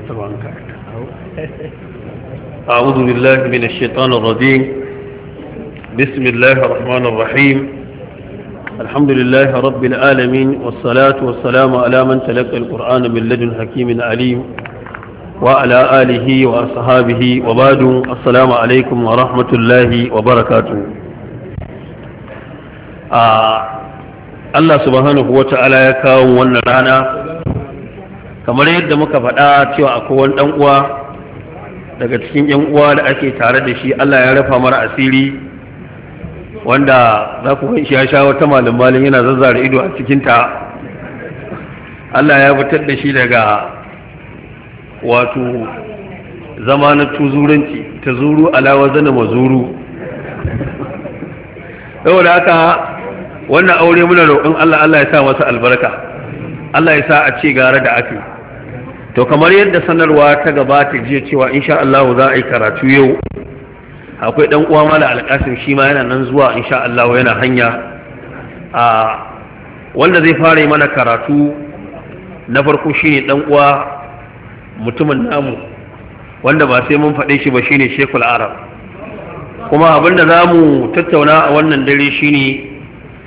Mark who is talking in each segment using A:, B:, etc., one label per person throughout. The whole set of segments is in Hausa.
A: gabatar wa karanta أعوذ بالله من الشيطان الرجيم بسم الله الرحمن الرحيم الحمد لله رب العالمين والصلاة والسلام على من تلقى القرآن من لدن حكيم عليم وعلى آله وأصحابه وبعد السلام عليكم ورحمة الله وبركاته آه الله سبحانه وتعالى يكاوم ونرانا kamar yadda muka faɗa cewa akwai wani ɗan uwa daga cikin yan uwa da ake tare da shi Allah ya rafa mara asiri wanda za ku ganshi ya sha wata malin malin yana zazzara ido a cikinta Allah ya fitar da shi daga wato zama na tuzuranci ta zuru alawa zana mazuru yau da haka wannan aure muna roƙon Allah Allah ya sa masa albarka Allah ya sa a ce gara da ake to kamar yadda sanarwa ta gabata jiya cewa insha Allah za a yi karatu yau akwai dan uwa mala alƙasim shi ma yana nan zuwa insha Allah yana hanya a wanda zai fara yi mana karatu na farko shine dan uwa mutumin namu wanda ba sai mun faɗe shi ba shine Sheikhul Arab kuma abinda za mu tattauna a wannan dare shine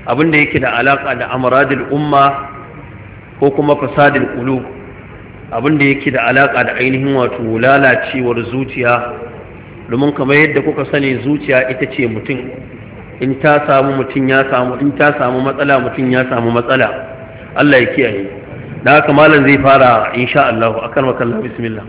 A: da yake da alaƙa da amradil umma ko kuma fasadil qulub abin da yake da alaƙa da ainihin wato lalacewar zuciya domin kamar yadda kuka sani zuciya ita ce mutum in ta samu mutum ya samu in ta samu matsala mutum ya samu matsala Allah ya kiyaye da haka malam zai fara insha Allah akan bismillah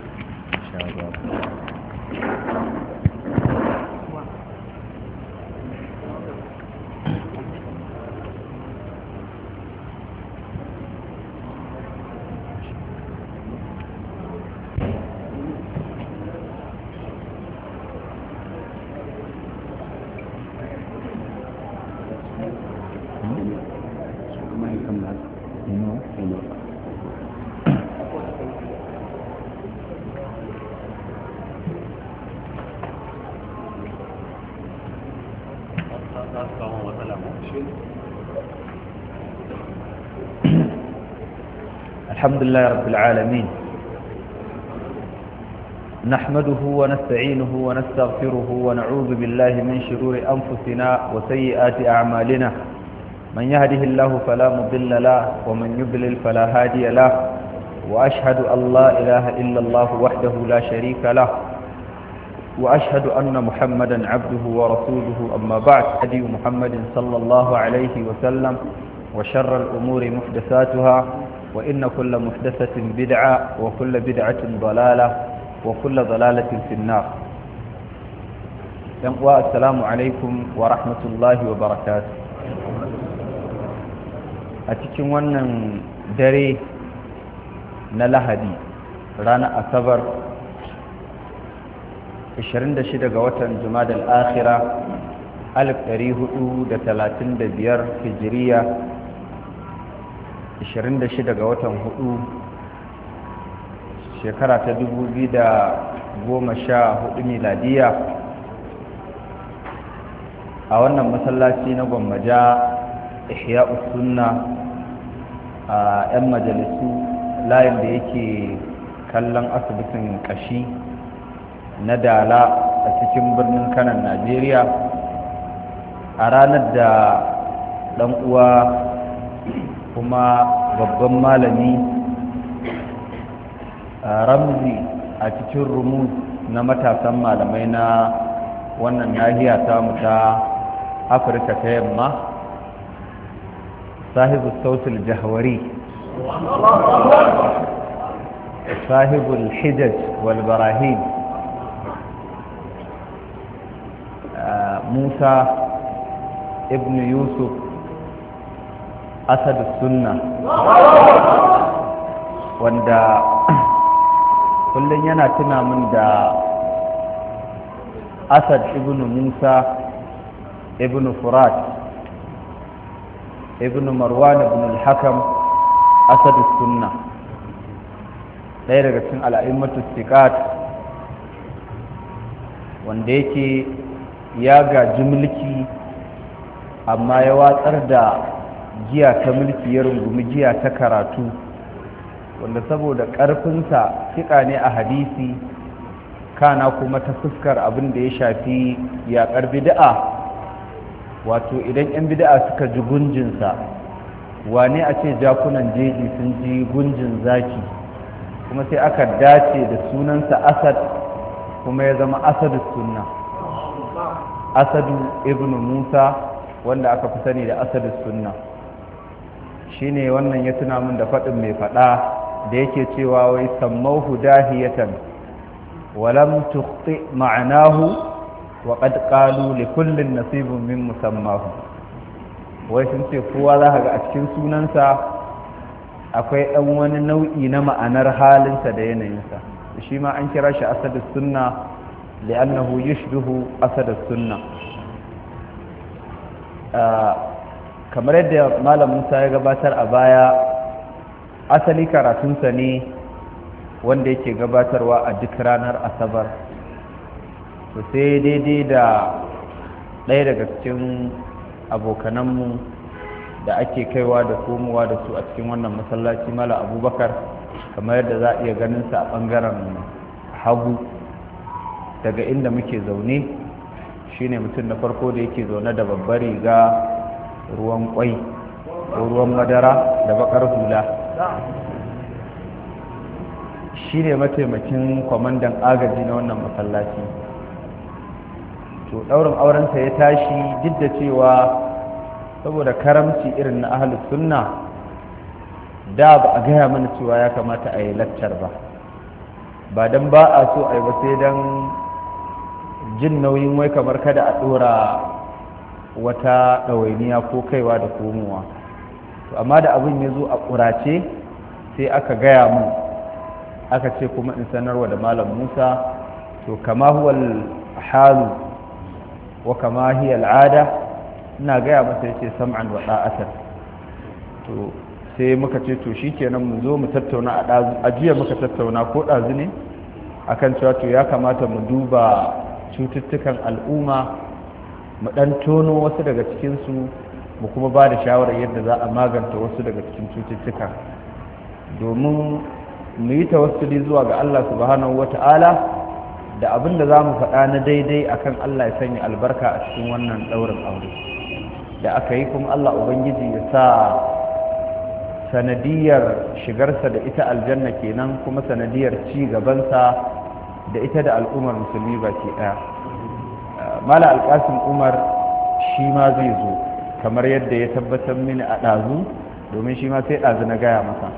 A: لله رب العالمين نحمده ونستعينه ونستغفره ونعوذ بالله من شرور أنفسنا وسيئات أعمالنا من يهده الله فلا مضل له ومن يضلل فلا هادي له وأشهد أن لا إله إلا الله وحده لا شريك له وأشهد أن محمدا عبده ورسوله أما بعد هدي محمد صلى الله عليه وسلم وشر الأمور محدثاتها وإن كل محدثة بدعة وكل بدعة ضلالة وكل ضلالة في النار ينقوى السلام عليكم ورحمة الله وبركاته أتكي ونن دري نلهدي رانا أكبر 26 ga watan Juma'a al-Akhirah 1435 Hijriya 26 ga watan 4 shekara ta 2014 miladiya a wannan masallaci na gwammaja ihya sunna a 'yan majalisu layin da yake kallon asibitin kashi na dala a cikin birnin kanan najeriya a ranar da ɗan uwa kuma babban malami ramzi a cikin rumus na matasan malamai na wannan nahiya samu ta afirka ta yamma sahibu sautul jahwari sahibu hijaj wal barahim musa ibn yusuf asadu sunna wanda kullum yana tuna min da asad ibn musa ibn furat ibn marwan ibn al-hakam asadu sunna ɗaya daga cikin al'immatu sikat wanda yake ya gaji mulki amma ya watsar da Jiya ta mulki ya rungumi jiya ta karatu wanda saboda ƙarfinsa fiƙa ne a hadisi kana kuma ta fuskar abin da ya shafi yaƙar bida'a wato idan 'yan bida'a suka ji gunjinsa wane a ce jakunan jeji sun ji gunjin zaki kuma sai aka dace da sunansa asad kuma ya zama asadu sunna asadu ibn musa wanda aka fi sani da asadu sunna Shi ne wannan ya tuna min da faɗin mai faɗa da yake cewa wai sammauhu dahiyatan walam tukhti ma'anahu wa qad qalu li kullin nasibun min musammahu wai sun ce kowa za ga a cikin sunansa akwai ɗan wani nau'i na ma'anar halinsa da yanayinsa shi ma an kira shi asadus sunna li'annahu yushbihu asadus sunna ah, kamar yadda malam musa ya gabatar a baya asali karatunsa ne wanda yake gabatarwa a duk ranar asabar to sai daidai da ɗaya daga cikin abokananmu da ake kaiwa da komowa da su a cikin wannan masallaci mala abubakar kamar yadda za a iya ganinsa a ɓangaren hagu daga inda muke zaune shine mutum na farko da yake zaune da babbar riga ruwan kwai ko ruwan madara da bakar hula shi ne mataimakin kwamandan agaji na wannan masallaci to ɗaurin aurensa ya tashi duk da cewa saboda karamci irin na ahalus sunna da ba a gaya mana cewa ya kamata a yi laccar ba ba don ba a so a yi ba sai don jin nauyin wai kamar kada a ɗora wata ɗawainiya ko kaiwa da komowa to amma da abin ya zo a ƙurace sai aka gaya mu aka ce kuma in sanarwa da malam musa to kama huwa halu wa kama hiya al'ada ina gaya masa ya ce sam'an wa ɗa'atar to sai muka ce to shi kenan mu zo mu tattauna a ɗazu ajiya muka tattauna ko ɗazu ne akan cewa to ya kamata mu duba cututtukan al'umma mu dan tono wasu daga cikinsu mu kuma ba da shawarar yadda za a maganta wasu daga cikin cututtuka domin mu yi tawassuli zuwa ga Allah subhanahu wata'ala da abin da za mu faɗa na daidai akan Allah ya sanya albarka a cikin wannan daurin aure da aka yi kuma Allah Ubangiji ya sa sanadiyar shigarsa da ita aljanna kenan kuma sanadiyar ci gabansa da ita da al'ummar musulmi baki ɗaya mala alƙasin umar shi ma zai zo kamar yadda ya tabbatar mini a ɗazu domin shi ma sai ɗazu na gaya masa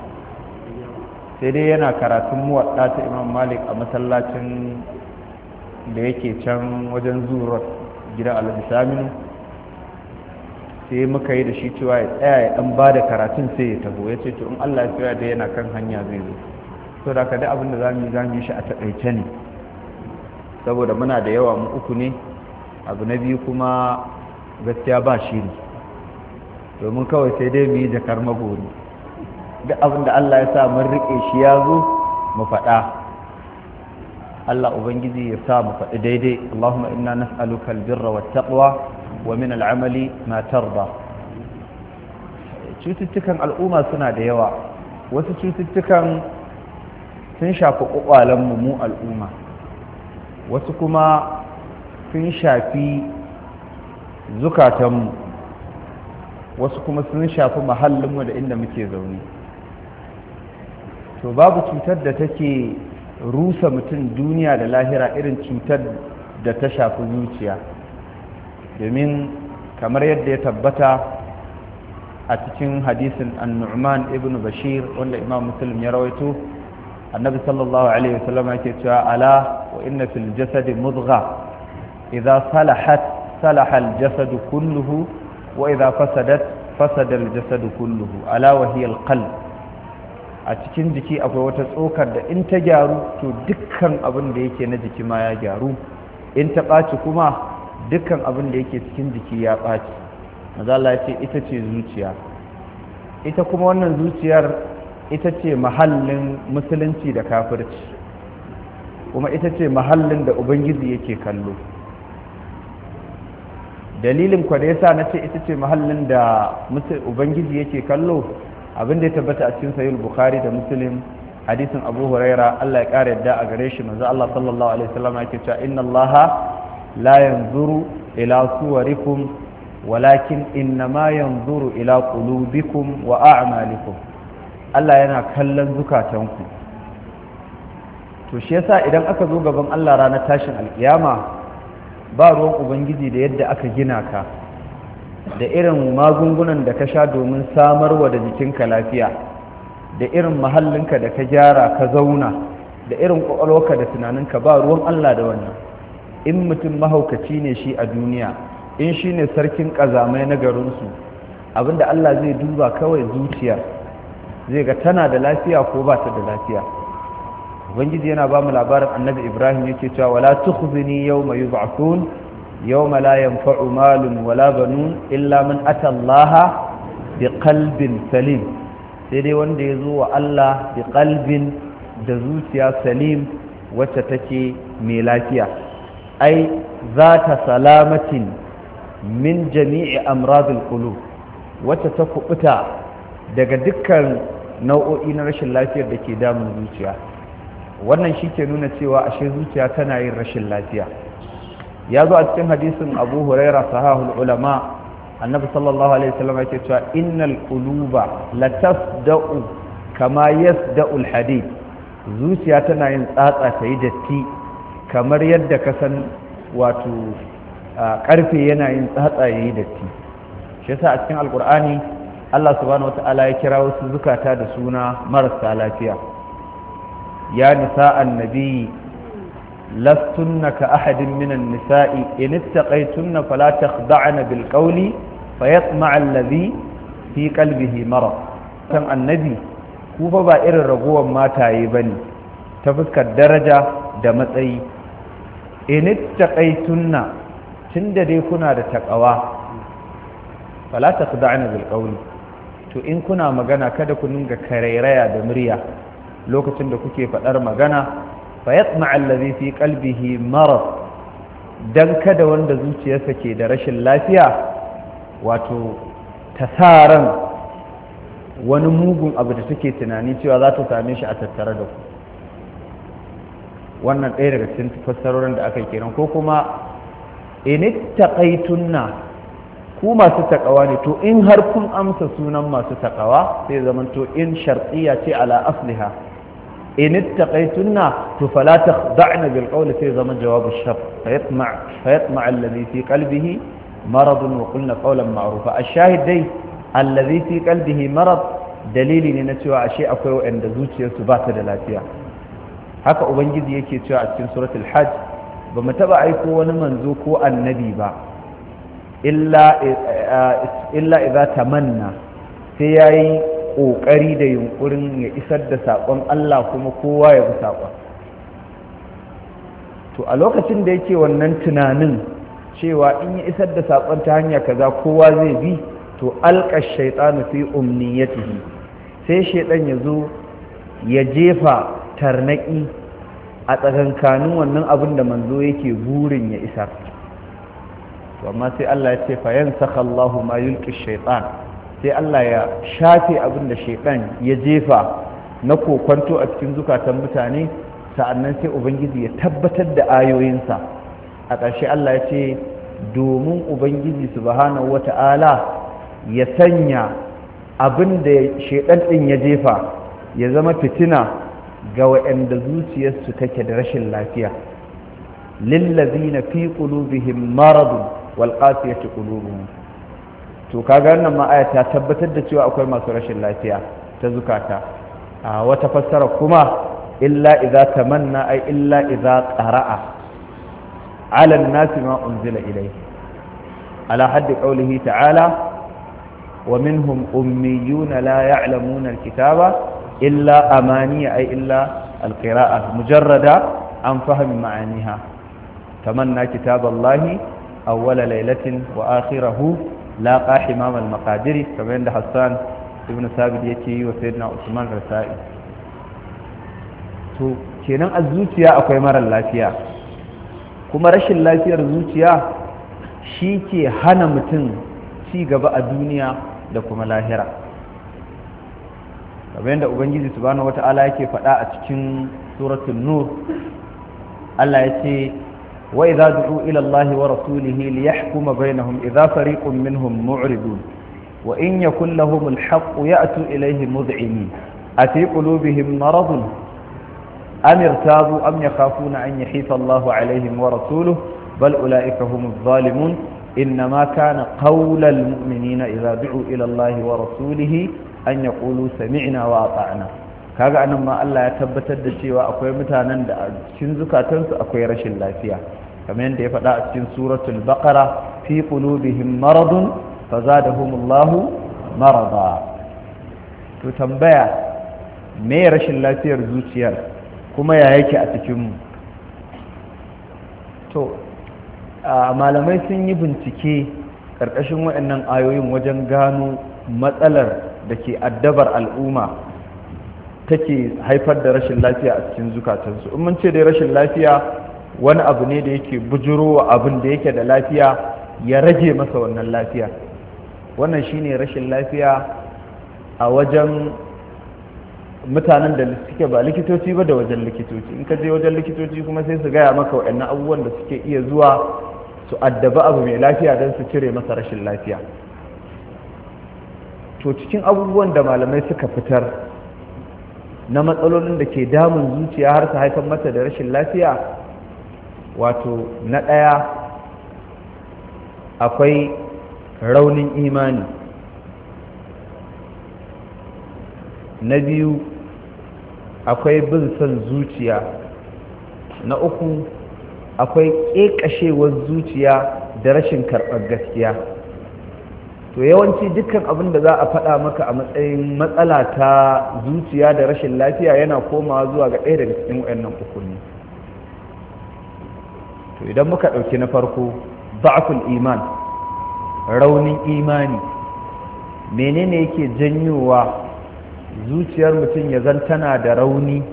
A: sai dai yana karatun muwaɗa ta imam malik a masallacin da yake can wajen zuwa gida alhaji saminu sai muka yi da shi cewa ya tsaya ya ɗan ba karatun sai ya taho ya ce to in allah ya da yana kan hanya zai zo to da ka da abin da za mu yi shi a taƙaice ne saboda muna da yawa mu uku ne abu na biyu kuma gaskiya ba shiri domin kawai sai dai mu yi jakar magori duk abin da Allah ya sa mun riƙe shi ya zo mu faɗa Allah Ubangiji ya sa mu faɗi daidai Allahumma inna nas'aluka albirra wattaqwa wa min al'amali ma tarda cututtukan al'umma suna da yawa wasu cututtukan sun shafi mu mu al'umma wasu kuma sun shafi zukatanmu wasu kuma sun shafi mahallinmu da inda muke zaune to babu cutar da take rusa mutum duniya da lahira irin cutar da ta shafi zuciya domin kamar yadda ya tabbata a cikin hadisin annu'man ibn bashir wanda imam muslim ya rawaito annabi sallallahu alaihi wasallam yake cewa ala wa inna fil jasadi mudgha idza salahat salaha al-jasad kulluhu wa idza fasadat fasada al-jasad kulluhu ala a cikin jiki akwai wata tsokar da in ta gyaru to dukkan abin da yake na jiki ma ya gyaru in ta ɓaci kuma dukkan abin da yake cikin jiki ya ɓaci mazala ya ce ita ce zuciya ita kuma wannan zuciyar ita ce mahallin musulunci da kafirci kuma ita ce mahallin da ubangiji yake kallo dalilin kwa da yasa ce ita ce muhallin da ubangiji yake kallo abin da ya tabbata a cikin sahih bukhari da muslim hadisin abu huraira Allah ya kare yadda a gare shi manzo Allah sallallahu alaihi wasallam yake cewa inna allaha la yanzuru ila suwarikum walakin ma yanzuru ila qulubikum wa a'malikum Allah yana kallon zukatanku to shi yasa idan aka zo gaban Allah ranar tashin alkiyama ba ruwan ubangiji da yadda aka gina ka da irin magungunan da ka sha domin samarwa da jikinka lafiya da irin mahallinka da ka gyara ka zauna da irin ƙwaƙwalwarka da tunaninka ba ruwan allah da wannan in mutum mahaukaci ne shi a duniya in shi ne sarkin ƙazamai na garinsu abinda allah zai duba kawai zuciya, zai ga tana da lafiya ko ba ta da lafiya ubangiji yana ba mu labarin annabi ibrahim yake cewa wala tukhzini yawma yub'athun yawma la yanfa'u malun wala banun illa man ata allaha bi qalbin salim sai dai wanda ya zo wa Allah bi qalbin da zuciya salim wacce take mai lafiya ai za ta salamatin min jami'i amradul qulub wacce ta kubuta daga dukkan nau'o'i na rashin lafiyar da ke damun zuciya wannan shi ke nuna cewa ashe zuciya tana yin rashin lafiya ya zo a cikin hadisin abu huraira sahahul ulama annabi sallallahu alaihi wasallam yake cewa innal quluba latasda'u kama yasda'u alhadid zuciya tana yin tsatsa ta yi datti kamar yadda ka san wato karfe yana yin tsatsa ya yi datti shi yasa a cikin alkur'ani Allah subhanahu wata'ala ya kira wasu zukata da suna marasa lafiya ya nisa annabi lastunna ka ahadin minan nisa'i in ittaqaytunna fala takhda'na bil qawli fayatma'a alladhi fi qalbihi marad kan annabi ku fa ba irin ragowar mataye bane ta fuskar daraja da matsayi in ittaqaytunna tunda dai kuna da takawa fala takhda'na bil qawli to in kuna magana kada ku ninga karairaya da murya lokacin da kuke faɗar magana fa yatma allazi fi kalbihi marad don kada wanda zuciyarsa ke da rashin lafiya wato tasaran wani mugun abu da take tunani cewa za ta same shi a tattare da ku wannan ɗaya daga cikin fassarorin da aka yi kenan ko kuma in taqaitunna ku masu takawa ne to in har kun amsa sunan masu takawa sai zamanto in shar'iyya ce ala asliha in ittaqaytunna to fala takhda'na bil qawl sai zaman jawabu shaf fayatma fayatma alladhi fi qalbihi marad wa qulna qawlan ma'rufa ash-shahid dai alladhi fi qalbihi marad dalili ne na cewa ashe akwai wanda zuciyarsu ba ta da lafiya haka ubangiji yake cewa a cikin suratul hajj ba mu taba aiko wani manzo ko annabi ba illa illa idza tamanna sai yayi ƙoƙari da yunƙurin ya isar da saƙon Allah kuma kowa ya bi saƙon to a lokacin da yake wannan tunanin cewa in ya isar da saƙon ta hanya kaza kowa zai bi to alƙa shaitanu fi umniyatihi sai shaitan ya zo ya jefa tarnaƙi a tsakankanin wannan abin da manzo yake burin ya isar to amma sai Allah ya ce fa yansakha Allahu ma yulqi shaitan sai Allah ya shafe abin da shekan ya jefa na kokwanto a cikin zukatan mutane sa'annan sai ubangiji ya tabbatar da ayoyinsa a ƙarshe Allah ya ce domin ubangiji subhanahu wata'ala ya sanya abin da shekan ɗin ya jefa ya zama fitina ga wa'anda zuciyarsu take da rashin lafiya lillazina fi qulubihim maradun wal qasiyati qulubuhum to kaga wannan ma aya ta tabbatar da cewa akwai masu rashin lafiya ta zukata a wata fassara kuma illa idza tamanna ay illa idza qara'a ala an-nasi ma unzila ilayhi ala haddi qawlihi ta'ala wa minhum ummiyun la ya'lamuna al-kitaba illa amaniya ay illa al-qira'a mujarrada an fahmi ma'aniha tamanna kitaballahi awwala laylatin wa akhirahu laqa imam al-maqadiri kamar yadda Hassan ibn Sabit yake yi wa sayyidina Usman Rasa'i to kenan a zuciya akwai marar lafiya kuma rashin lafiyar zuciya shi ke hana mutum ci gaba a duniya da kuma lahira kamar yadda ubangiji subhanahu wata'ala yake faɗa a cikin suratul nur Allah ya ce وإذا دعوا إلى الله ورسوله ليحكم بينهم إذا فريق منهم معرضون وإن يكن لهم الحق يأتوا إليه مذعنين أفي قلوبهم مرض أم ارتابوا أم يخافون أن يحيف الله عليهم ورسوله بل أولئك هم الظالمون إنما كان قول المؤمنين إذا دعوا إلى الله ورسوله أن يقولوا سمعنا وأطعنا kaga anan ma Allah ya tabbatar da cewa akwai mutanen da cikin zukatansu akwai rashin lafiya kamar yadda ya faɗa a cikin suratul baqara fi qulubihim maradun fazadahumullahu marada to tambaya me rashin lafiyar zuciyar kuma ya yake a cikin mu to malamai sun yi bincike ƙarƙashin waɗannan ayoyin wajen gano matsalar da ke addabar al'umma take haifar da rashin lafiya a cikin zukatansu in mun ce dai rashin lafiya wani abu ne da yake bujiro wa abin da yake da lafiya ya rage masa wannan lafiya wannan shine rashin lafiya a wajen mutanen da suke ba likitoci ba da wajen likitoci in ka je wajen likitoci kuma sai su gaya maka waɗannan abubuwan da suke iya zuwa su addaba abu mai lafiya don su cire masa rashin lafiya to cikin abubuwan da malamai suka fitar na matsalolin da ke damun zuciya har su haifar mata da rashin lafiya wato na ɗaya akwai raunin imani na biyu akwai bin son zuciya na uku akwai ƙeƙashewar zuciya da rashin karɓar gaskiya to yawanci dukkan abin da za a faɗa maka a matsayin matsala ta zuciya da rashin lafiya yana komawa zuwa ga ɗaya daga cikin waɗannan uku ne to idan muka ɗauki na farko ba'ful iman raunin imani menene yake janyowa zuciyar mutum ya zan tana da rauni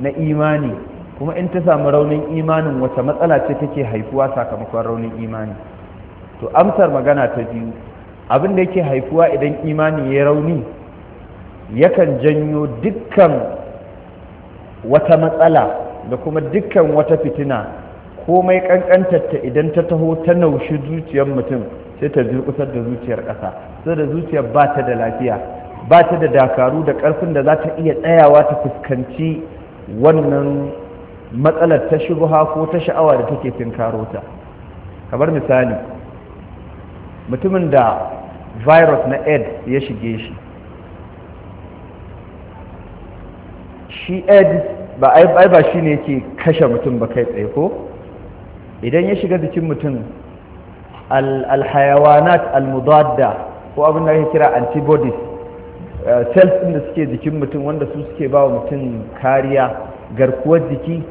A: na imani kuma in ta samu raunin imanin wata matsala ce take haifuwa sakamakon raunin imani to amsar magana ta biyu abin da yake haifuwa idan imani ya rauni yakan janyo dukkan wata matsala da kuma dukkan wata fitina komai kankantarta idan ta taho ta naushi zuciyar mutum sai ta durkusar da zuciyar ƙasa sai da zuciyar ba ta da lafiya ba ta da dakaru da ƙarfin da za ta iya tsayawa ta fuskanci wannan matsalar ta shubuha ko ta sha'awa da take tinkaro ta kamar misali mutumin da virus na aids ya shige shi shi aids ba ai ba shi ne yake kashe mutum ba kai tsaye ko idan ya shiga jikin mutum alhayawanat almudadda ko abin da ya kira antibodies eh, cells ɗin da suke jikin mutum wanda su suke ba wa mutum kariya garkuwar jiki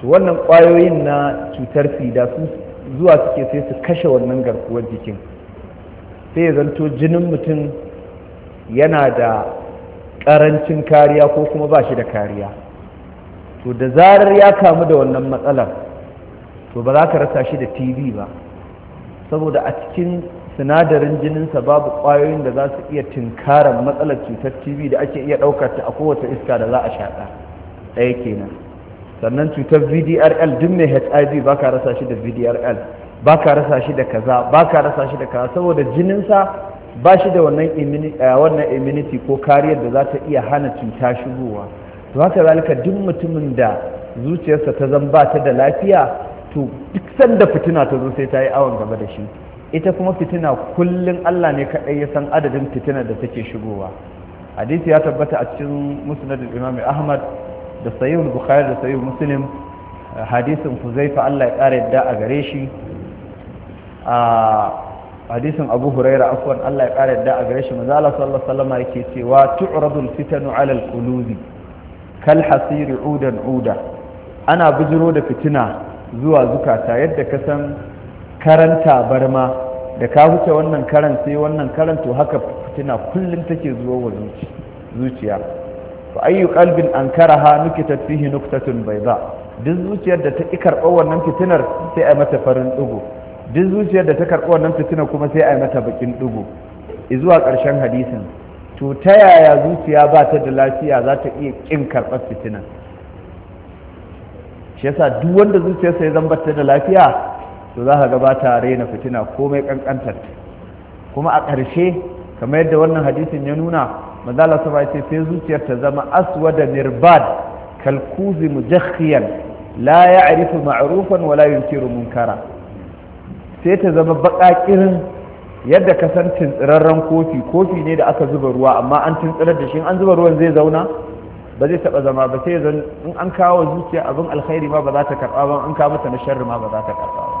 A: to wannan kwayoyin na cutar sida su zuwa suke sai su kashe wannan garkuwar jikin sai ya zanto jinin mutum yana da ƙarancin kariya ko kuma ba shi da kariya to da zarar ya kamu da wannan matsalar to ba za ka rasa shi da tv ba saboda a cikin sinadarin jininsa babu kwayoyin da za su iya tinkarar matsalar cutar tv da ake iya ɗaukar ta a kowace iska da za a shaɗa ɗaya kenan sannan cutar vdrl duk mai hiv ba ka rasa shi da vdrl ba ka rasa shi da kaza ba ka rasa shi da kaza saboda jininsa ba shi da eh, wannan immunity ko kariyar da za ta iya hana cuta shigowa to haka zalika duk mutumin da zuciyarsa ta zan ba ta da lafiya to duk sanda fitina ta zo sai ta yi awon gaba da shi ita kuma fitina kullum Allah ne kaɗai ya san adadin fitina da take shigowa hadisi ya tabbata a cikin musnad imam ahmad da sayyid bukhari da sayyid muslim hadisin huzaifa Allah ya ƙara yadda a gare shi a hadisin abu huraira afwan Allah ya kare yadda a gare shi manzo Allah sallallahu alaihi wasallam yake cewa tu'radul fitanu 'ala al-qulubi kal hasiri 'udan 'uda ana bujiro da fitina zuwa zukata yadda ka san karanta barma da ka huce wannan karan sai wannan karan haka fitina kullum take zuwa wa zuciya fa ayyu qalbin ankaraha nukitat fihi nuktatun bayda duk zuciyar da ta ki wannan fitinar sai ai mata farin dugo duk zuciyar da ta karɓo wannan fitinar kuma sai a mata bakin dugo zuwa ƙarshen hadisin to ta yaya zuciya ba ta da lafiya za ta iya ƙin karɓar fitinar shi yasa duk wanda zuciyarsa ya zambata da lafiya to za ka gabata raina fitina komai kankantar kuma a ƙarshe kamar yadda wannan hadisin ya nuna mazala sama ya ce sai zuciyar ta zama aswada mirbad kalkuzi mujakhiyan la ya'rifu ma'rufan wa la yunkiru munkara sai ta zama baƙaƙirin yadda ka san tintsirarren kofi kofi ne da aka zuba ruwa amma an tintsirar da shi an zuba ruwan zai zauna ba zai taba zama ba sai zan in an kawo zuciya abin alkhairi ma ba za ta karba ba in ka mata na sharri ma ba za ta karba ba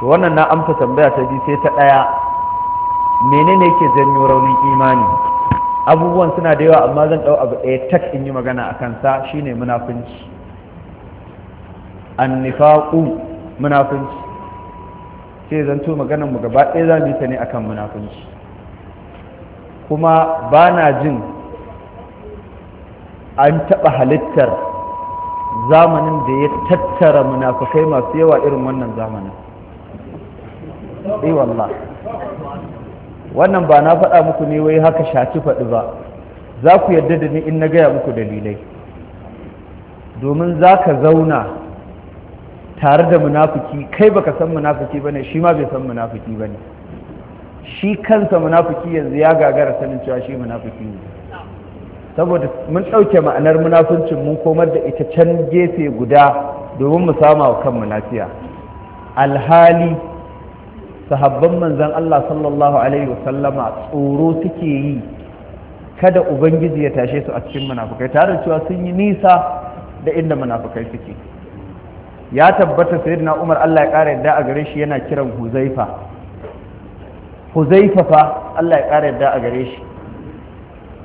A: to wannan na amsa tambaya ta bi sai ta daya menene yake janyo raunin imani abubuwan suna da yawa amma zan dau abu ɗaya tak in yi magana a kansa shine munafunci annifaqu munafunci sai to maganar mu gaba ɗaya za mu yi ta ne akan munafunci kuma ba na jin an taɓa halittar zamanin da ya tattara munafukai masu yawa irin wannan zamanin eh, wallah wannan ba na faɗa muku ne wai haka shaci faɗi ba za ku yarda da ni in na gaya muku dalilai domin za ka zauna tare da munafuki, kai baka san munafuki bane shi ma bai san ba bane shi kansa munafuki yanzu ya gagara sanin cewa shi munafuki ne saboda mun ɗauke ma'anar munafuncin mun komar da ita can gefe guda domin mu sama wa kanmu lafiya alhali sahabban manzan Allah sallallahu alaihi wasallama tsoro suke yi kada ubangiji ya tashe su a cikin munafukai tare da cewa sun yi nisa da inda munafukai suke ya tabbata sayyidina Umar Allah ya ƙara yadda a gare shi yana kiran Huzaifa Huzaifa fa Allah ya ƙara yadda a gare shi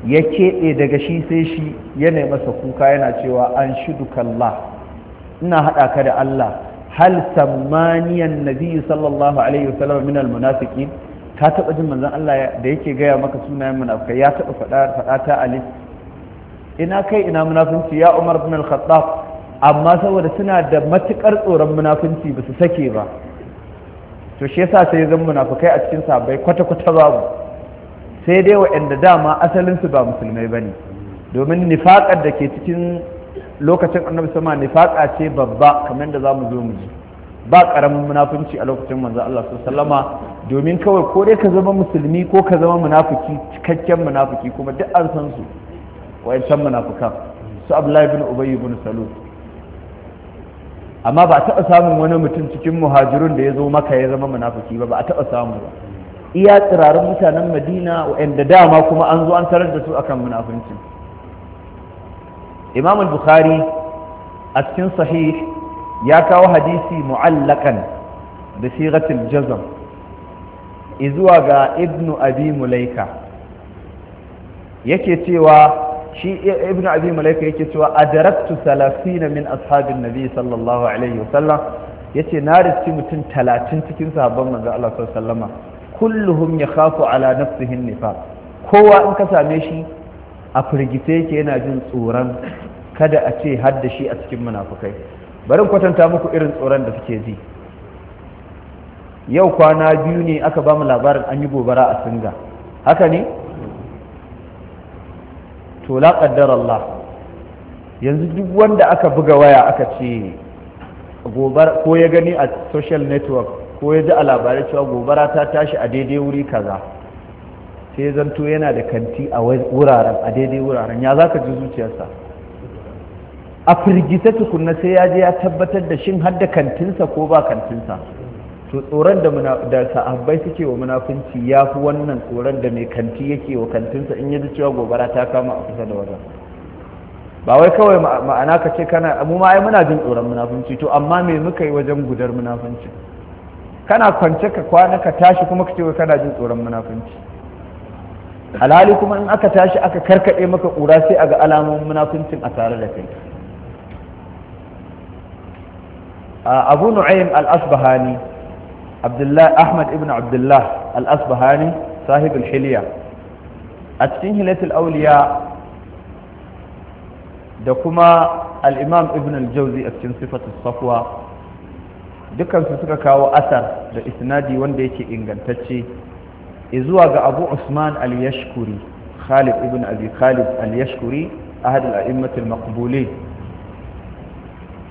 A: ya keɓe daga shi sai shi yana masa kuka yana cewa an shudu kalla ina haɗa ka da Allah hal sammaniyan nabi sallallahu alaihi wasallam min almunafiqin ka taɓa jin manzon Allah da yake gaya maka sunayen munafikai ya taɓa faɗa faɗa ta alif ina kai ina munafinci ya Umar ibn al-Khattab amma saboda suna da matukar tsoron munafinci ba su sake ba to shi yasa sai zan munafikai a cikin sabai kwata-kwata babu sai dai waɗanda dama asalinsu ba musulmai ba ne domin nifaƙar da ke cikin lokacin annabi sama nifaƙa ce babba kamar da za mu zo mu ji ba ƙaramin munafunci a lokacin manzo Allah sallama domin kawai ko dai ka zama musulmi ko ka zama munafiki cikakken munafiki kuma duk an san su wa'ancan munafukan su Abdullahi bin Ubay bin salo amma ba a taɓa samun wani mutum cikin muhajirun da ya zo maka ya zama munafuki ba ba a taɓa samu ba iya tsirarin mutanen madina waɗanda dama kuma an zo an tarar da su akan munafincin imam al-bukhari a cikin sahih ya kawo hadisi mu'allakan da siratul jazm izuwa ga Ibn abi mulaika yake cewa shi ibnu abi mulaika yake cewa a adaraktu Salasina min ashabin nabi sallallahu alaihi wasallam yace na riski mutum talatin cikin sahabban manzo Allah sallallahu alaihi wasallam kulluhum yakhafu ala nafsihi nifaq kowa in ka same shi a firgice yake yana jin tsoron kada a ce har da shi a cikin munafukai bari kwatanta muku irin tsoron da suke ji yau kwana biyu ne aka ba mu labarin an yi gobara a singa haka ne to la qaddar Allah yanzu duk wanda aka buga waya aka ce gobar ko ya gani a social network ko ya ji a labarai cewa gobara ta tashi a daidai wuri kaza sai zanto yana da kanti a wuraren a daidai wuraren ya za ka ji zuciyarsa a firgita tukunna sai ya je ya tabbatar da shin har da kantinsa ko ba kantinsa to tsoron da sa'abai suke wa munafunci ya fi wannan tsoron da mai kanti yake wa kantinsa in ya ji cewa gobara ta kama a kusa da wajen ba wai kawai ma'ana ka ce kana mu ma ai muna jin tsoron munafunci to amma me muka yi wajen gudar munafunci kana kwance ka kwana ka tashi kuma ka ce kana jin tsoron munafunci alhali kuma in aka tashi aka karkaɗe maka ƙura sai a ga alamomin munafuncin a tare da kai abu nu'aym al-asbahani abdullah ahmad ibn abdullah al-asbahani sahib al-hilya a cikin hilatul awliya da kuma al-imam ibn al-jawzi a cikin sifatu safwa dukansu suka kawo asar da isnadi wanda yake ingantacce zuwa ga abu usman al-yashkuri khalid ibn abi khalid al-yashkuri ahad al-a'immat al-maqbulin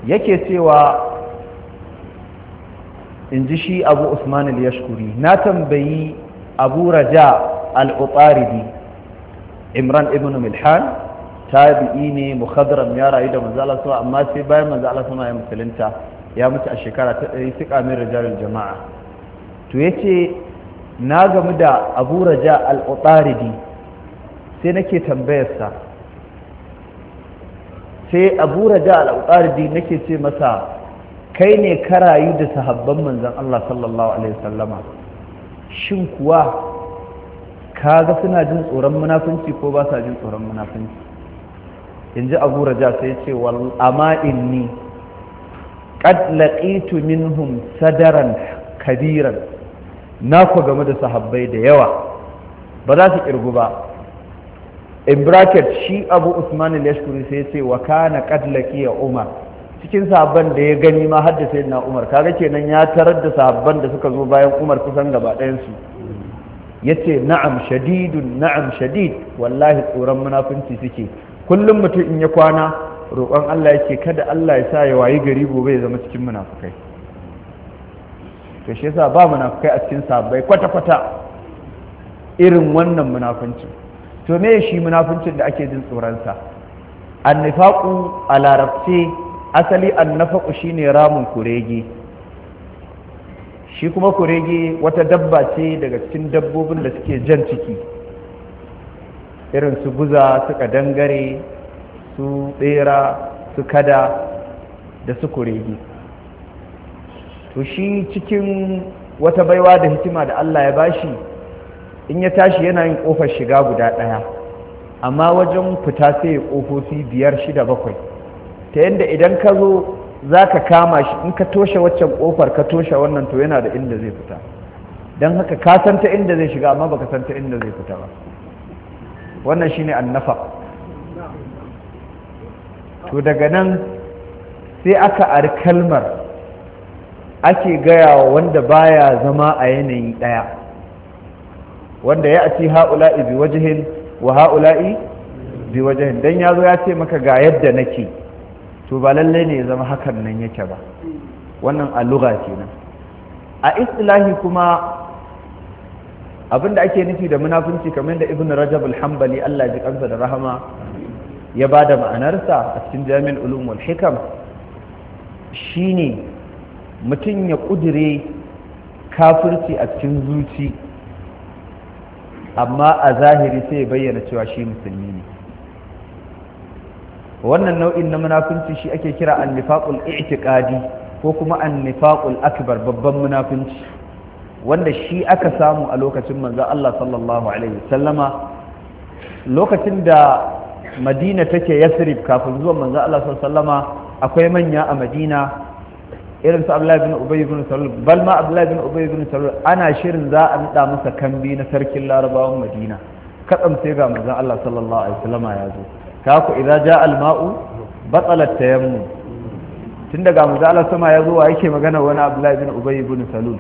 A: yake cewa in ji shi abu usman al-yashkuri na tambayi abu raja al-utaridi imran ibn milhan tabi'i ne mukhadram ya rayu da manzo Allah amma sai bayan manzo Allah ya musulunta ya mutu a shekara ta ɗari suka min rajarin jama'a to ya ce na gamu da abu raja al'utaridi sai nake tambayarsa sai abu raja al'utaridi nake ce masa kai ne ka rayu da sahabban manzan Allah sallallahu alaihi wasallama shin kuwa ka ga suna jin tsoron munafunci ko ba sa jin tsoron munafunci in ji abu raja sai ce amma inni qad laqitu minhum sadaran kabiran na ko game da sahabbai da yawa ba za su kirgu ba in bracket shi abu usman al-yashkuri sai ce wa kana qad laqiya umar cikin sahabban da ya gani ma hadda sai na umar kaga kenan ya tarar da sahabban da suka zo bayan umar kusan gaba ɗayan su yace na'am shadidun na'am shadid wallahi tsoron munafunci suke kullum mutum in ya kwana roƙon Allah yake kada Allah ya sa ya wayi gari gobe ya zama cikin munafukai to shi yasa ba munafukai a cikin sabbai kwata-kwata irin wannan munafunci to me shi munafuncin da ake jin tsoronsa annifaqu a larabce asali annafaqu shine ramun kurege shi kuma kurege wata dabba ce daga cikin dabbobin da suke jan ciki irin su guza suka dangare su tsera su kada da su kuregi to shi cikin wata baiwa da hikima da Allah ya bashi in ya tashi yana yin kofar shiga guda ɗaya amma wajen fita sai ya kofofi biyar shida bakwai ta yadda idan ka zo za ka kama shi in ka toshe waccan kofar ka toshe wannan to yana da inda zai fita don haka ka san ta inda zai shiga amma baka san ta inda zai fita ba wannan shine annafa to daga nan sai aka ari kalmar ake gaya wa wanda baya zama a yanayi ɗaya wanda ya ci ha'ula'i bi wajihin wa ha'ula'i bi wajihin don ya zo ya ce maka ga yadda nake to ba lallai ne ya zama hakan nan yake ba wannan a alluga kenan a istilahi kuma abinda ake nufi da munafunci kamar da ibnu rajab al-hanbali Allah ji kansa da rahama ya ba da ma'anarsa a cikin jami'in ulumul hikam shine mutum ya ƙudire kafirci a cikin zuci amma a zahiri sai ya bayyana cewa shi musulmi ne wannan nau'in na munafunci shi ake kira annifaqul i'tiqadi ko kuma annifaqul akbar babban munafunci wanda shi aka samu a lokacin manzo Allah sallallahu alaihi lokacin da madina take yasrib kafin zuwan manzo Allah sallama akwai manya a madina irin su Abdullahi bin Ubay bin Salul bal ma Abdullahi bin Ubay bin Salul ana shirin za a nada masa kambi na sarkin Larabawan Madina Ka sai ga manzo Allah sallallahu alaihi wasallama ya zo ka ku idza jaa al ma'u batala tayammu tun daga manzo Allah sama ya zo wa yake magana wani Abdullahi bin Ubay bin Salul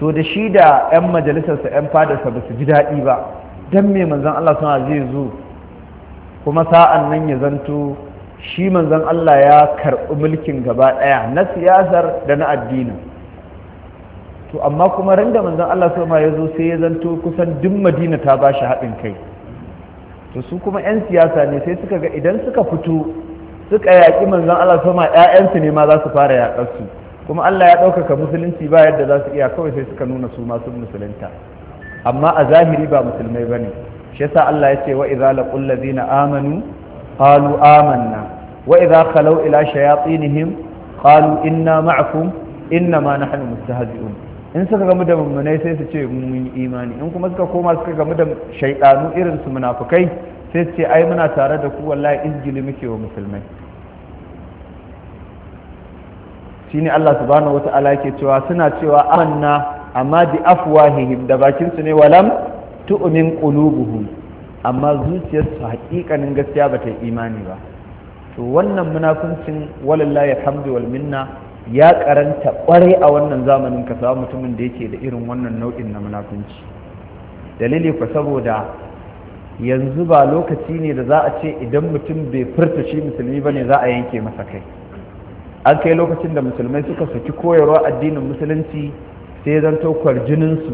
A: to da shi da yan majalisarsa yan fadarsa ba su ji daɗi ba dan me manzo Allah sama zai zo kuma sa'an nan ya zanto shi manzan Allah ya karɓi mulkin gaba ɗaya na siyasar da na addinin to amma kuma randa manzan Allah sama ya zo sai ya zanto kusan duk madina ta ba shi haɗin kai to su kuma 'yan siyasa ne sai suka ga idan suka fito suka yaƙi manzan Allah sama 'ya'yansu ne ma za su fara su, kuma Allah ya ɗaukaka musulunci ba yadda za su iya kawai sai suka nuna su masu musulunta amma a zahiri ba musulmai ba ne shi yasa Allah ya ce wa idza laqul ladina amanu qalu amanna wa idza khalaw ila shayatinihim qalu inna ma'akum inna ma nahnu mustahzi'un in suka gamu da mummunai sai su ce mun imani in kuma suka koma suka gamu da shaydanu irin su munafikai sai su ce ai muna tare da ku wallahi injili muke wa musulmai shine Allah subhanahu wata'ala yake cewa suna cewa amanna amma bi afwahihim da bakin su ne walam tu'min qulubuhum amma zuciyarsu haƙiƙanin gaskiya ba ta yi imani ba to wannan munafuncin walallahi alhamdu wal minna ya karanta kwarai a wannan zamanin ka samu mutumin da yake da irin wannan nau'in na munafunci dalili ku saboda yanzu ba lokaci ne da za a ce idan mutum bai furta shi musulmi ba ne za a yanke masa kai an kai lokacin da musulmai suka saki koyarwa addinin musulunci sai zanto kwarjininsu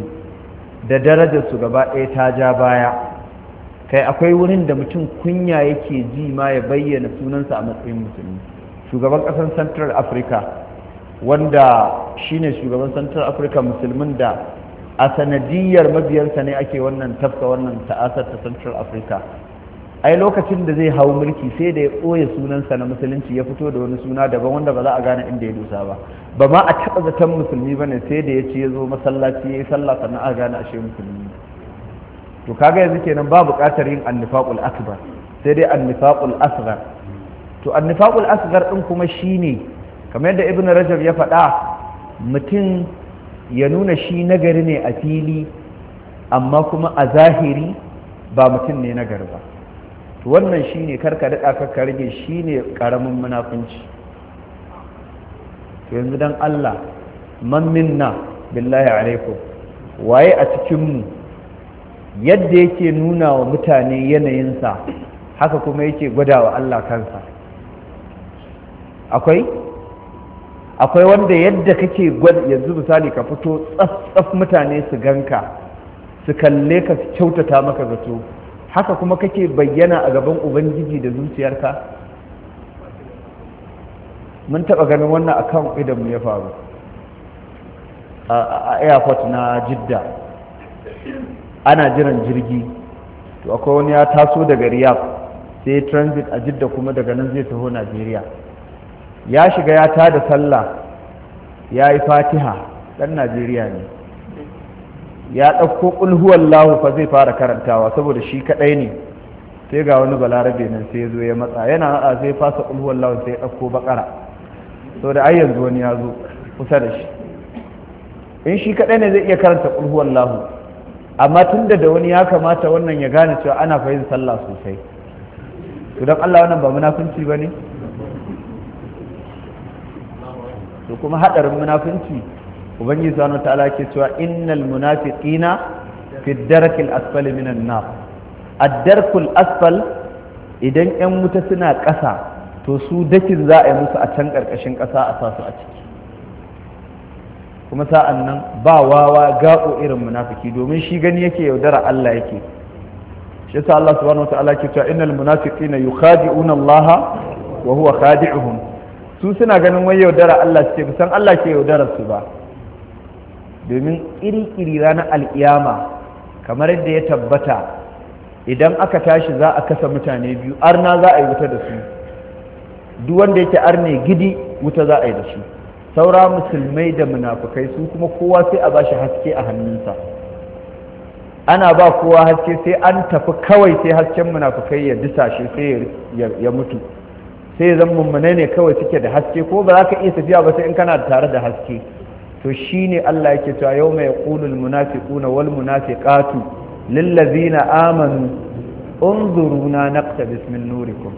A: da su gaba ɗaya ta ja baya kai akwai wurin da mutum kunya yake ji ma ya bayyana sunansa a matsayin musulmi shugaban ƙasar central africa wanda shine shugaban central africa musulmin da a sanadiyar mabiyarsa ne ake wannan tafka wannan ta'asar ta central africa ai lokacin da zai hau mulki sai da ya ɓoye sunansa na musulunci ya fito da wani suna daban wanda ba za a gane inda ya dusa ba ba ma a taɓa zaton musulmi ba ne sai da ya ce ya zo masallaci ya yi sallah sannan a gane ashe musulmi to kaga yanzu kenan ba buƙatar yin annifaƙul asgar sai dai annifaƙul asgar to annifaƙul asgar ɗin kuma shi ne, kamar yadda ibnu rajab ya faɗa mutum ya nuna shi nagari ne a fili amma kuma a zahiri ba mutum ne nagari ba to wannan shine karka daɗa karka rage shi ne ƙaramin munafunci to yanzu don Allah man minna billahi alaikum waye a cikinmu yadda yake nuna wa mutane yanayinsa haka kuma yake gwada wa Allah kansa akwai akwai wanda yadda kake gwada yanzu misali ka fito tsaf mutane su ganka su kalle ka kyautata maka zato haka kuma kake bayyana a gaban ubangiji da zuciyarka mun taɓa ganin wannan akan idanmu ya faru a airport na jidda ana jiran jirgi to akwai wani ya taso daga riyadh sai transit a jidda kuma daga nan zai taho najeriya ya shiga ya tada sallah ya yi fatiha ɗan najeriya ne ya ɗauko ƙulhuwallahu fa zai fara karantawa saboda shi kaɗai ne sai ga wani balarabe nan sai zo ya matsa yana a sai fasa ƙulhuwallahu sai ya ɗauko bakara sau da ai yanzu wani ya zo kusa da shi in shi kaɗai ne zai iya karanta ƙulhuwallahu amma tun da da wani ya kamata wannan ya gane cewa ana fahimta sallah sosai to don allah wannan ba munafunci ba ne to kuma haɗarin munafunci ubangiji subhanahu ta'ala ke cewa innal munafiqina fi darkil asfali minan nar ad-darkul asfal idan yan wuta suna ƙasa to su dakin za a yi musu a can ƙarƙashin ƙasa a sasu a ciki kuma sa'an nan ba wawa gaɓo irin munafiki domin shi gani yake yaudara Allah yake shi sa Allah subhanahu wa ta'ala ke cewa innal munafiqina yukhadi'una Allah wa huwa khadi'uhum su suna ganin wai yaudara Allah suke san Allah ke yaudara su ba domin iri-iri ranar alƙiyama kamar yadda ya tabbata idan aka tashi za a kasa mutane biyu arna za a yi wuta da su duk wanda yake arne gidi wuta za a yi da su. saura musulmai da munafukai su kuma kowa sai a bashi haske a hannunsa ana ba kowa haske sai an tafi kawai sai hasken munafukai ya shi sai ya mutu sai zan mummune ne kawai suke da haske ko ba za ka iya tafiya ba sai in kana tare da haske to shine Allah yake cewa yawma yaqulul munafiquna wal munafiqatu lil ladzina amanu unzuruna naqta bismin nurikum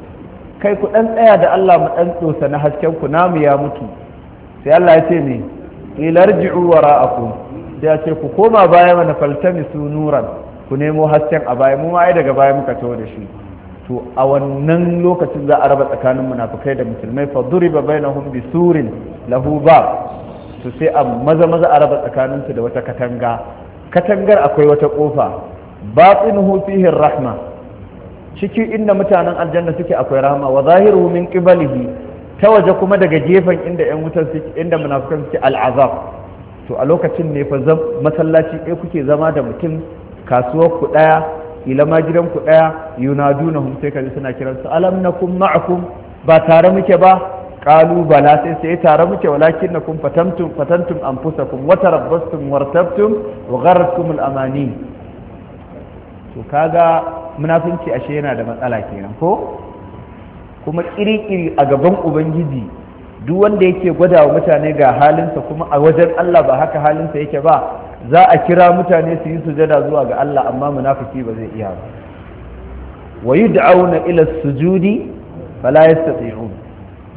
A: kai ku dan tsaya da Allah mu dan tsosa na hasken ku namu ya mutu sai Allah ya ce ne ilarji'u wara'akum sai ya ce ku koma baya mana su nuran ku nemo hasken a baya mu ma ai daga baya muka tawo da shi to a wannan lokacin za a raba tsakanin munafikai da musulmai fa duriba bainahum bisurin lahu ba su sai a maza maza a raba tsakanin su da wata katanga katangar akwai wata kofa batinuhu fihi rahma ciki inda mutanen aljanna suke akwai rahma wa zahiru min qibalihi ta waje kuma daga gefen inda yan wutar suke inda munafikan suke al'azab to a lokacin ne fa masallaci ɗaya kuke zama da mutum kasuwar ku ɗaya ila ma gidan ku ɗaya yunadunahum sai kaji suna kiransu alam nakum ma'akum ba tare muke ba kalubala sai sai tare muke walakin nakum fatantum fatantum anfusakum wa tarabbastum wartabtum wa gharratkum al-amani to kaga munafinci ashe yana da matsala kenan ko kuma kiri a gaban ubangiji duk wanda yake gwada wa mutane ga halinsa kuma a wajen Allah ba haka halinsa yake ba za a kira mutane su yi sujada zuwa ga Allah amma munafuki ba zai iya ba wa auna ila sujudi fala yastati'un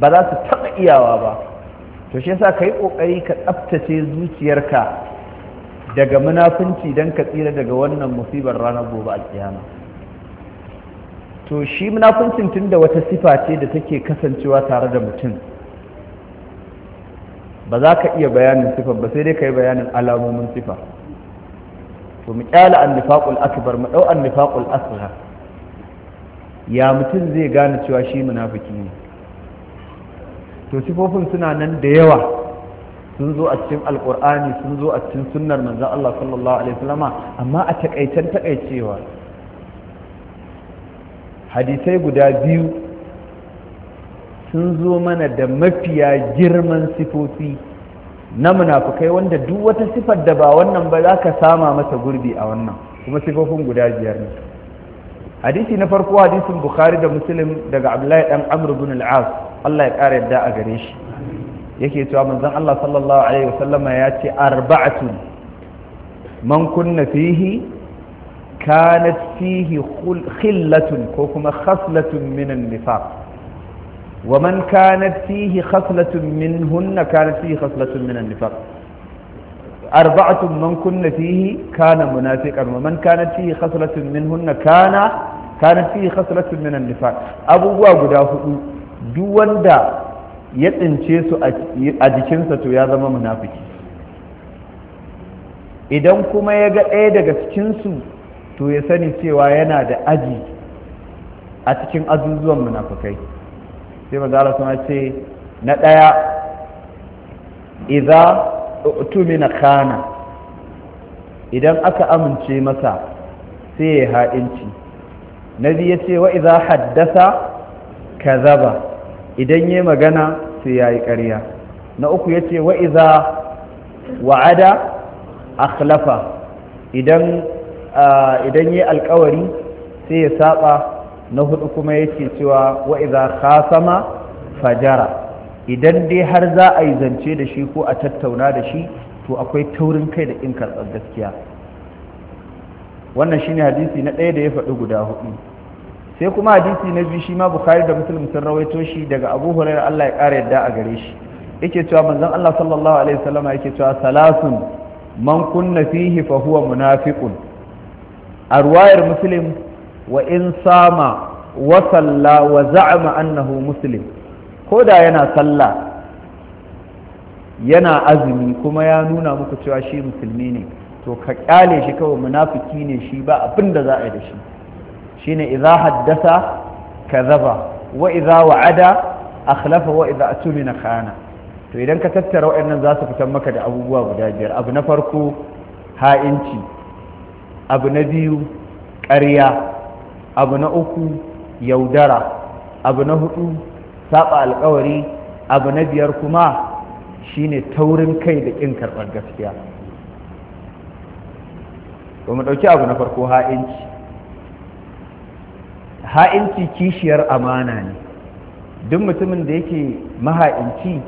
A: ba za su taɓa iyawa ba to shi yasa ka yi ƙoƙari ka tsaftace zuciyarka daga munafunci don ka tsira daga wannan musibar ranar gobe alƙiyama. to shi munafuncin tun da wata sifa ce da take kasancewa tare da mutum ba za ka iya bayanin sifar ba sai dai ka yi bayanin alamomin sifa to mu kyala annifaqul akbar mu dau annifaqul asghar ya mutum zai gane cewa shi munafiki ne to sifofin suna nan da yawa sun zo a cikin alkur'ani sun zo a cikin sunnar manzan Allah sallallahu alaihi wasallama amma a takaitan takaicewa hadisai guda biyu sun zo mana da mafiya girman sifofi na munafukai wanda duk wata sifar da ba wannan ba za ka sama masa gurbi a wannan kuma sifofin guda biyar ne hadisi na farko hadisin bukhari da muslim daga abdullahi dan amr ibn al-as Allah ya ƙara yadda a gare shi yake cewa manzon Allah sallallahu alaihi wasallama ya ce arba'atun man kunna fihi kanat fihi khillatun ko kuma khaslatun minan an-nifaq wa man kanat fihi khaslatun minhunna kanat fihi khaslatun min an-nifaq arba'atun man kunna fihi kana munafiqan wa man kanat fihi khaslatun minhunna kana kanat fihi khaslatun min nifaq abubuwa guda hudu duk wanda ya tsince su a jikinsa to ya zama munafiki idan kuma ya ga ɗaya daga cikinsu to ya sani cewa yana da aji a cikin azuzuwan munafukai sai mazala suna ce na ɗaya iza tumina kana idan aka amince masa sai ya ha'inci na biyu ya ce wa iza haddasa ka zaba. idan yi magana sai ya yi ƙarya na uku yace ce wa'iza wa'ada akhlafa idan yi alkawari sai ya saba na hudu kuma ya ce cewa wa'iza khasama fajara idan dai har za a yi zance da shi ko a tattauna da shi to akwai taurin kai da in karɓar gaskiya wannan shine hadisi na ɗaya da ya faɗi guda hudu sai kuma hadisi na biyu shi ma bukari da muslim sun rawaito shi daga abu hurairah Allah ya kara yadda a gare shi yake cewa manzon Allah sallallahu alaihi wasallam yake cewa salasun man kunna fihi fa huwa munafiqun a ruwayar muslim wa in sama wa salla wa za'ama annahu muslim ko da yana sallah yana azumi kuma ya nuna muku cewa shi musulmi ne to ka kyale shi kawai munafiki ne shi ba abinda za a yi da shi shine iza haddasa kadhaba wa idza wa'ada akhlafa wa idza na kana to idan ka tattara waɗannan za su fitan maka da abubuwa guda biyar abu na farko ha'inci abu na biyu ƙarya abu na uku yaudara abu na hudu saba alkawari abu na biyar kuma shine taurin kai da ƙin karɓar gaskiya ba mu ɗauki abu na farko ha'inci ha'inci kishiyar amana ne duk mutumin da yake maha'inci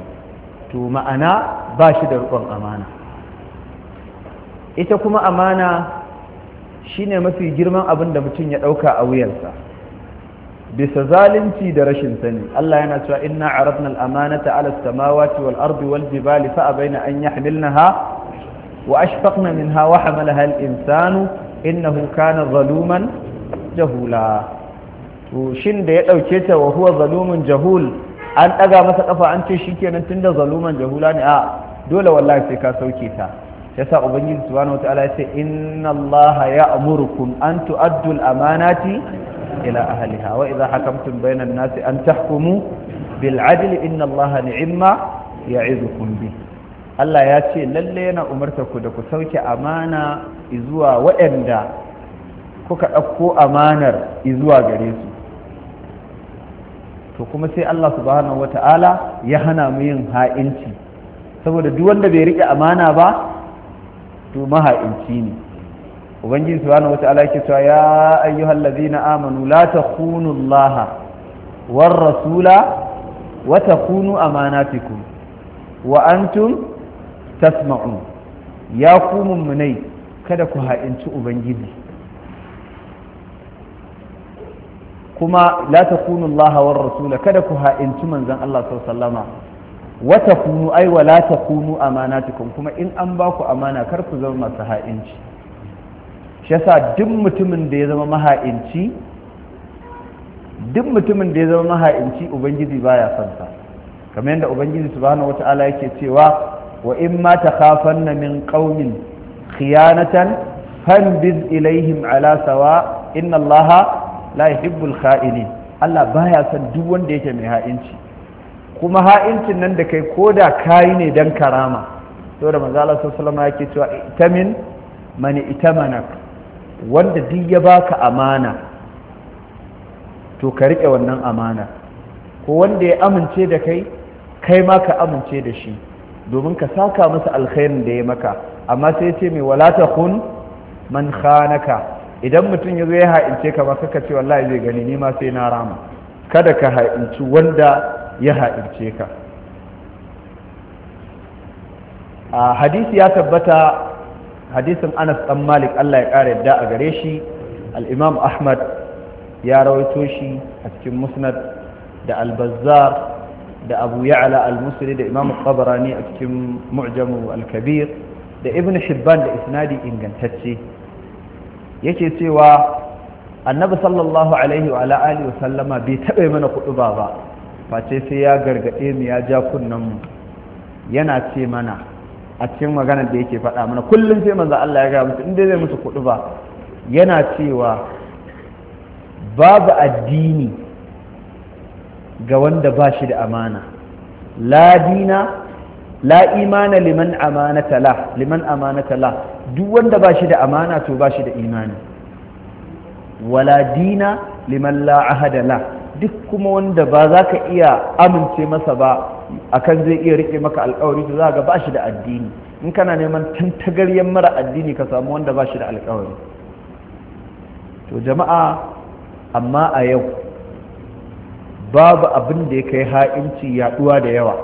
A: to ma'ana ba shi da rikon amana ita kuma amana shine mafi girman abin da mutum ya ɗauka a wuyarsa bisa zalunci da rashin sani Allah yana cewa inna aradna al ta ala samawati wal ardi wal jibali fa abaina an yahmilnaha wa ashfaqna minha wa hamalaha al-insanu innahu kana zaluman jahula to shin da ya ɗauke ta wa huwa zalumin jahul an ɗaga masa ƙafa an ce shi kenan tun da zaluman jahula ne a dole wallahi sai ka sauke ta ya yasa ubangiji subhanahu wataala ya ce inna allaha ya'murukum an tu'addu al-amanati ila ahliha wa idha hakamtum bayna an-nasi an tahkumu bil 'adli inna allaha ni'ma ya'idukum bi Allah ya ce lalle yana umarta ku da ku sauke amana izuwa waɗanda kuka ɗauko amanar izuwa gare su to kuma sai Allah subhanahu wata'ala ya hana mu yin ha'inci saboda duk wanda bai rike amana ba to maha'inci ne ubangiji subhanahu wata'ala yake cewa ya ayyuhal ladina amanu la takhunu Allah war rasula wa takhunu amanatikum wa antum tasma'un ya ku mummunai kada ku ha'inci ubangiji kuma la takunu Allah war kada ku ha'inci manzon Allah sallama wa kunu ai wa la takunu amanatukum kuma in an ba ku amana kar ku zama masu ha'inci shi duk mutumin da ya zama maha'inci duk mutumin da ya zama maha'inci ubangiji baya son sa kamar yadda ubangiji subhanahu wata'ala yake cewa wa in ma takhafanna min qaumin khiyanatan fanbiz ilaihim ala sawa inna allaha la yuhibbul kha'ini Allah baya son duk wanda yake mai ha'inci kuma ha'incin nan da kai koda kayi ne dan karama to da manzo Allah sallallahu alaihi yake cewa itamin mani itamanak wanda duk ya baka amana to ka rike wannan amana ko wanda ya amince da kai kai ma ka amince da shi domin ka saka masa alkhairin da ya maka amma sai ya ce mai ta kun man khanaka idan mutum ya zo ya ha'ince ka ba kaka ce wallahi zai gani ni ma sai na rama kada ka ha'inci wanda ya ha'ince ka a hadisi ya tabbata hadisin anas dan malik allah ya kare yadda a gare shi al-imam ahmad ya rawaito shi a cikin musnad da al da abu ya'la al-musri da imam tabarani a cikin mu'jamu al-kabir da ibn Shibban da isnadi ingantacce yake cewa annabi sallallahu alaihi wa alihi wa sallama bai taɓa mana kuɗu ba ba face sai ya gargaɗe mu ya ja kunnen mu yana ce mana a cikin maganar da yake faɗa mana kullum sai manzo Allah ya ga musu inda zai musu kuɗu ba yana cewa babu addini ga wanda ba shi da amana la dina la imana liman amanata la liman amanata la duk wanda ba shi da amana to ba shi da imani wala dina liman la ahada la duk kuma wanda ba za ka iya amince masa ba akan zai iya rike maka alkawari to za ga ba shi da addini in kana neman tantagaryen mara addini ka samu wanda ba shi da alkawari to jama'a amma a yau babu abin da ya kai ha'inci yaduwa da yawa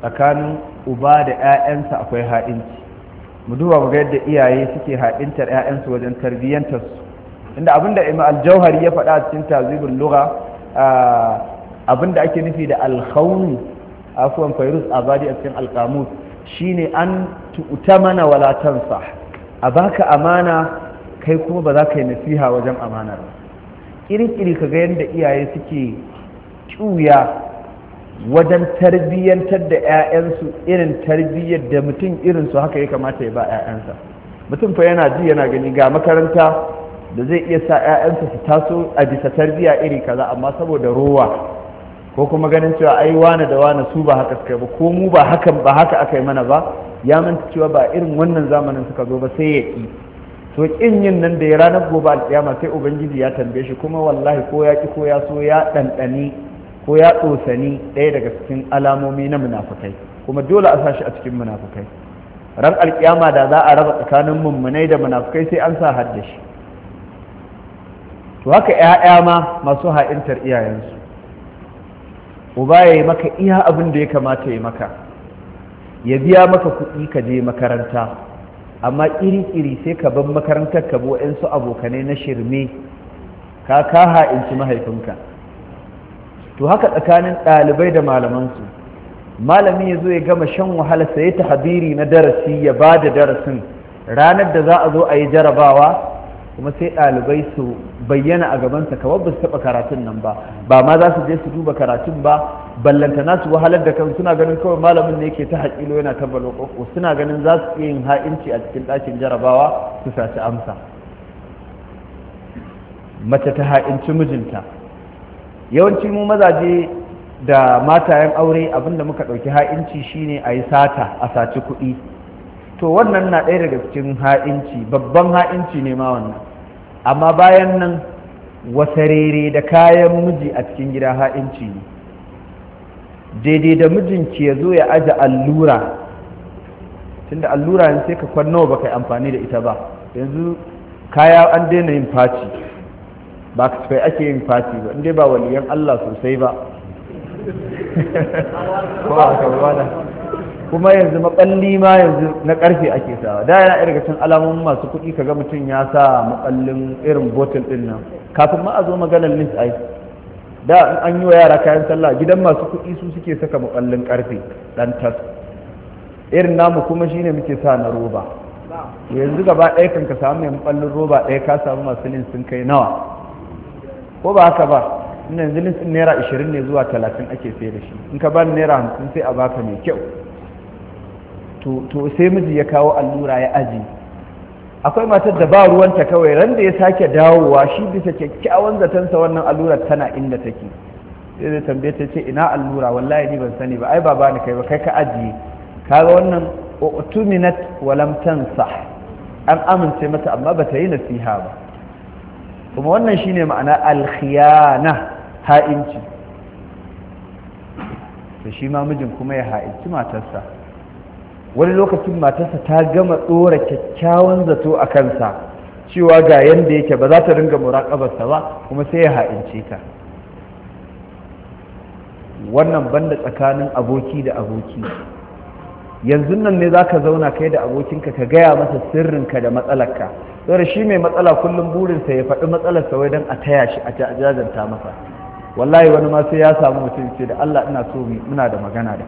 A: tsakanin uba da 'ya'yansa akwai ha'inci mu duba ga yadda iyaye suke haɗintar 'ya'yansu wajen tarbiyyantarsu inda inda abinda ima aljauhari ya faɗa a cikin tazibul abin abinda ake nufi da alkhawni a fayrus abadi a cikin alqamus shine an tu'tamana mana walatansa a baka amana kai kuma ba za ka yi nasiha wajen amanar ba iri ka ga yadda iyaye suke cuya wajen tarbiyyantar da 'ya'yansu irin tarbiyyar da mutum irinsu haka ya kamata ya ba 'ya'yansa mutum fa yana ji yana gani ga makaranta da zai iya sa 'ya'yansa su taso a bisa tarbiyya iri kaza amma saboda rowa ko kuma ganin cewa ai wane da wane su ba haka suka ba ko mu ba haka ba haka aka yi mana ba ya manta cewa ba irin wannan zamanin suka zo ba sai ya ƙi to kin yin nan da ya ranar gobe alƙiyama sai ubangiji ya tambaye shi kuma wallahi ko ya ƙi ko ya so ya ɗanɗani ko ya tsosani ɗaya daga cikin alamomi na munafukai kuma dole a sashi a cikin munafukai ran alkiyama da za a raba tsakanin mummunai da munafukai sai an sa hadda shi to haka 'ya'ya ma masu ha'intar iyayensu uba ya yi maka iya abin da ya kamata ya maka ya biya maka kuɗi ka je makaranta amma iri-iri sai ka bar makarantar ka bo su abokanai na shirme ka ka ha'inci mahaifinka to haka tsakanin ɗalibai da malamansu malami ya zo ya gama shan wahala sai ta habiri na darasi ya ba da darasin ranar da za a zo a yi jarabawa kuma sai ɗalibai su bayyana a gabansa kamar ba su taɓa karatun nan ba ba ma za su je su duba karatun ba ballantana su wahalar da kan suna ganin kawai malamin ne yake ta haƙilo yana ta balokoko suna ganin za su yin ha'inci a cikin ɗakin jarabawa su saci amsa mace ta ha'inci mijinta yawanci mu mazaje da matayen aure abinda muka ɗauki ha'inci shine a yi sata a saci kuɗi to wannan na ɗaya daga cikin ha'inci babban ha'inci ne ma wannan amma bayan nan wasarere da kayan miji a cikin gida ha'inci ne daidai da mijinki ya zo ya aje allura tunda allura ne sai ka kwanno ba ka yi amfani da ita ba yanzu kaya an daina yin faci ba kasafai ake yin fati ba inda ba waliyan Allah sosai ba kuma yanzu makalli ma yanzu na karfe ake sawa da yana irga cin alamomin masu kuɗi kaga mutum ya sa makallin irin botul din nan kafin ma a zo maganar lint ai da an yi wa yara kayan sallah gidan masu kuɗi su suke saka makallin karfe dan tas irin namu kuma shine muke sa na roba yanzu gaba ɗaya kan ka samu mai makallin roba ɗaya ka samu masu lint sun kai nawa ko ba haka ba ina yanzu naira 20 ne zuwa talatin ake sai da shi in ka bani naira hamsin sai a baka mai kyau to sai miji ya kawo allura ya aji akwai matar da ba ruwanta kawai ran da ya sake dawowa shi bisa kyakkyawan sa wannan allurar tana inda take sai zai tambaye ta ce ina allura wallahi ni ban sani ba ai ba bani kai ba kai ka ajiye ga wannan otuminat walam tansah an amince mata amma ba ta yi nasiha ba kuma wannan shine ma'ana alkhiyana ha'inci to shi ma mijin kuma ya ha'inci matarsa wani lokacin matarsa ta gama tsora kyakkyawan zato a kansa cewa ga yanda yake ba za ta ringa muraƙabarsa ba kuma sai ya ha'ince ta wannan banda tsakanin aboki da aboki yanzu nan ne za ka zauna kai da abokinka ka gaya masa sirrinka da matsalarka saboda shi mai matsala kullum burinsa ya faɗi matsalarsa wai don a taya shi a jajanta masa wallahi wani ma sai ya samu mutum ce da Allah ina so muna da magana da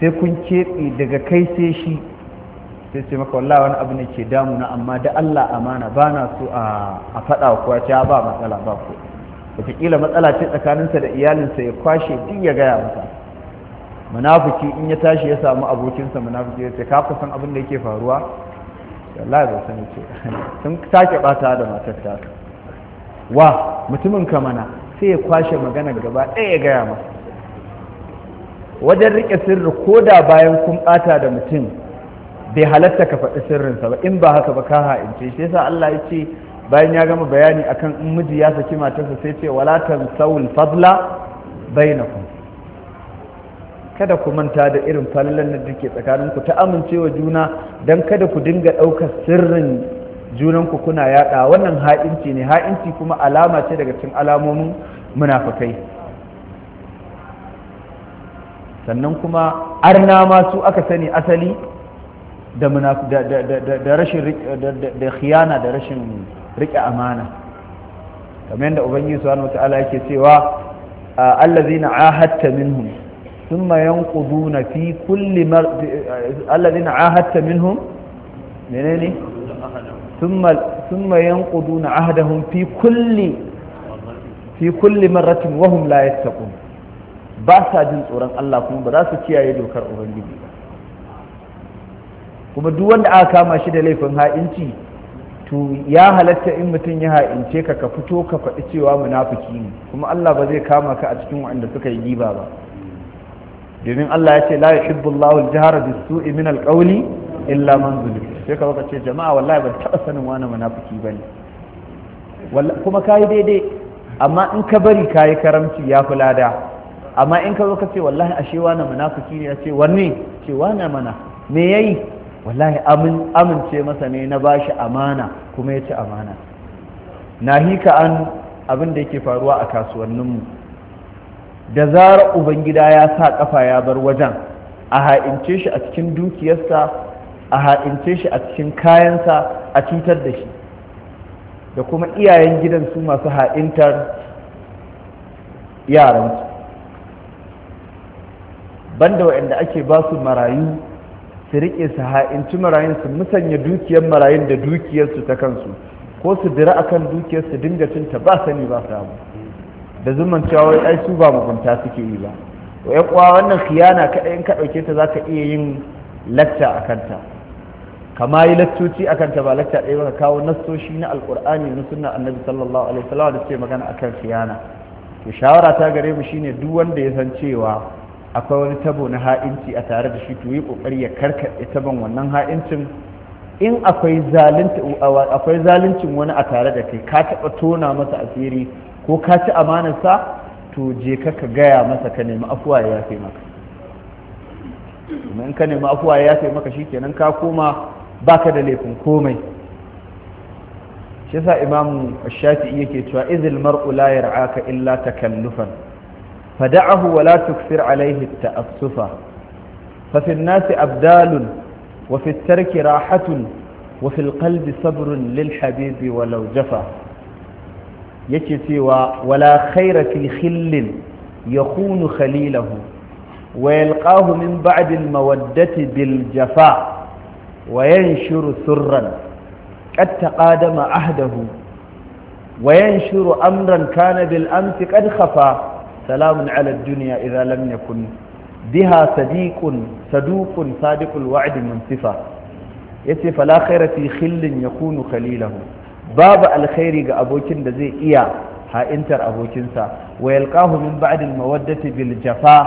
A: sai kun keɓe daga kai sai shi sai ce maka wallahi wani abu ne ke damuna amma da Allah amana ba na so a faɗa wa kowa ta ba matsala ba ko wataƙila matsala ce tsakaninsa da iyalinsa ya kwashe duk ya gaya masa munafiki in ya tashi ya samu abokinsa munafiki ya ce ka san abin da yake faruwa wallahi ba sani ce sun sake bata da matar ta wa mutumin ka mana sai ya kwashe magana gaba ɗaya ya gaya masa wajen riƙe sirri ko da bayan kun bata da mutum bai halatta ka faɗi sirrinsa ba in ba haka ba ka ha'ince shi yasa Allah ya ce bayan ya gama bayani akan in miji ya saki matarsa sai ce wala tansawul fadla bainakum kada ku manta da irin falalan da take tsakaninku ta amincewa juna don kada ku dinga ɗaukar sirrin junanku kuna yaɗa wannan ha'inci ne ha'inci kuma alama ce daga cikin alamomin munafukai sannan kuma arna ma su aka sani asali da rashin da khiyana da rashin riƙe amana kamar yadda ubangiji subhanahu wata'ala yake cewa allazina ahadta minhum ثم ينقضون في كل مر... الذين عاهدت منهم منين ثم ثم ينقضون عهدهم في كل في كل مرة وهم لا يتقون باسا جن tsoron Allah kuma ba za su kiyaye dokar ubangiji ba kuma duk wanda aka kama shi da laifin ha'inci to ya halatta in mutum ya ha'ince ka ka fito ka faɗi cewa munafiki ne kuma Allah ba zai kama ka a cikin waɗanda suka yi giba ba domin Allah ya ce la yuhibbu Allahu al-jahra bis-su'i min al illa man zulim sai ka ce jama'a wallahi ban taɓa sanin wani munafiki ba ne. kuma kai daidai amma in ka bari kai karamci ya fi lada amma in ka zo ka ce wallahi ashe wani munafiki ne ya ce wanne ce wani mana me yayi wallahi amince masa ne na bashi amana kuma ya ci amana nahika an abin da yake faruwa a kasuwanninmu da Zara, ubangida ya sa kafa ya bar wajen a ha'ince shi a cikin dukiyarsa a ha'ince shi a cikin kayansa a cutar da shi da kuma iyayen gidan su masu ha'intar yaransu banda waɗanda ake ba su marayu su riƙe su ha'inci marayun su musanya dukiyar marayun da dukiyarsu ta kansu ko su dira akan dukiyar su dinga cinta ba sani ba samu da zuman cewa wai ai su ba mugunta suke yi ba to ya kuwa wannan khiyana kaɗai in ka ɗauke ta za ka iya yin lacca a kanta kama yi laccoci a kanta ba lacca ɗaya ba ka kawo nassoshi na alƙur'ani na sunna annabi sallallahu alaihi wasallam da suke magana akan khiyana to shawara ta gare mu shine duk wanda ya san cewa akwai wani tabo na ha'inci a tare da shi to yi kokari ya karkaɗe taban wannan ha'incin in akwai zalunci akwai zaluncin wani a tare da kai ka taɓa tona masa asiri ko ka ci amanarsa to je ka ka gaya masa ka nemi afuwa ya yafe maka in ka nemi afuwa ya yafe maka shi kenan ka koma baka da laifin komai shi sa imam shafi'i yake cewa izil mar'u la yar'aka illa takallufan fada'ahu wa la tukfir alayhi ta'assufa fa fi an-nasi abdalun wa fi at-tarki rahatun وفي القلب صبر للحبيب ولو جفا yake cewa wala khaira fi khillin yakunu khalilahu wa yalqahu min ba'd al-mawaddati bil jafa wa yanshuru sirran qad taqadama ahdahu wa yanshuru amran kana bil amsi qad khafa salamun ala ad-dunya idha lam yakun biha sadiqun saduqun sadiqul wa'd min sifa yace fala khaira fi khillin yakunu khalilahu babu alkhairi ga abokin da zai iya ha'intar abokinsa wa yalqahu min ba'dil mawaddati bil jafa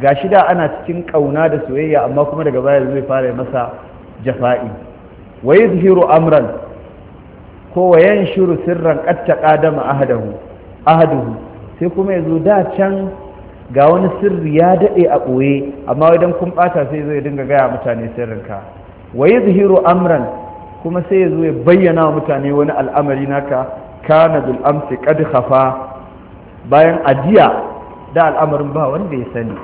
A: gashi da ana cikin kauna da soyayya amma kuma daga baya zai fara masa jafa'i wa yuzhiru amran ko wa yanshuru sirran qatta qadama ahadahu ahaduhu sai kuma yazo da can ga wani sirri ya dade a boye amma idan kun bata sai zai dinga gaya mutane sirrinka wa yuzhiru amran kuma sai ya zo ya bayyana wa mutane wani al'amari naka kana dul amsi kad khafa bayan ajiya da al'amarin ba wanda ya sani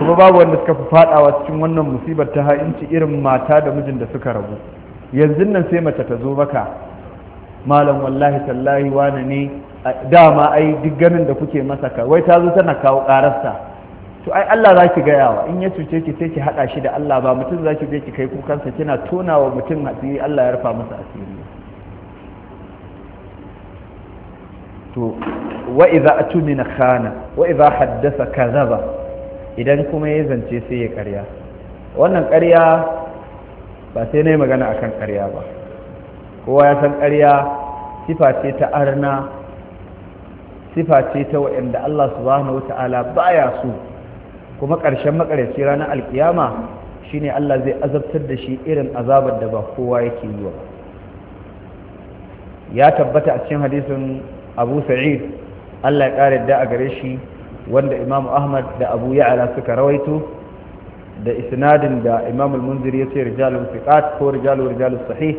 A: kuma babu wanda suka fi fadawa cikin wannan musibar ta ha'inci irin mata da mijin da suka rabu yanzu nan sai mace ta zo maka malam wallahi tallahi wani ne dama ai duk ganin da kuke masa ka wai ta zo tana kawo ƙararsa. to ai Allah za ki gayawa in ya cuce ki sai ki haɗa shi da Allah ba mutum za ki je ki kai kukansa kina tona wa mutum asiri Allah ya rufa masa asiri to wa idza atumina khana wa iza haddasa kazaba idan kuma ya zance sai ya ƙarya wannan ƙarya ba sai na yi magana akan ƙarya ba kowa ya san ƙarya sifa ce ta arna sifa ce ta waɗanda Allah subhanahu wa ta'ala baya so kuma ƙarshen makaryaci ranar alkiyama shine Allah zai azabtar da shi irin azabar da ba kowa yake yi wa ya tabbata a cikin hadisin Abu Sa'id Allah ya ƙara da a gare shi wanda Imam Ahmad da Abu Ya'la suka rawaito da isnadin da Imam al-Munzir ya ce rijalun thiqat ko rijalun rijalus sahih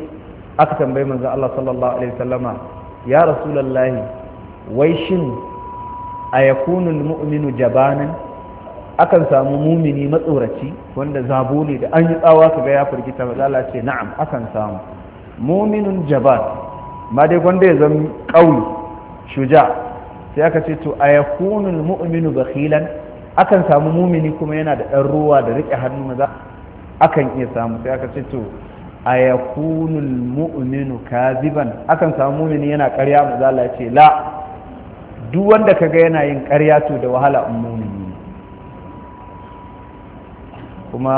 A: aka tambayi manzon Allah sallallahu alaihi wasallama ya rasulullahi wai shin ayakunul mu'minu jabanan akan samu mumini matsoraci wanda zabo ne da an yi tsawa ka ga ya firgita ba Allah ce na'am akan samu muminun jabat ma dai wanda ya zama kauli shuja sai aka ce to ayakunul mu'minu bakhilan akan samu mumini kuma yana da dan ruwa da rike hannu maza akan iya samu sai aka ce to ayakunul mu'minu kaziban akan samu mumini yana ƙarya maza Allah ce la duk wanda kaga yana yin ƙarya to da wahala ummuni kuma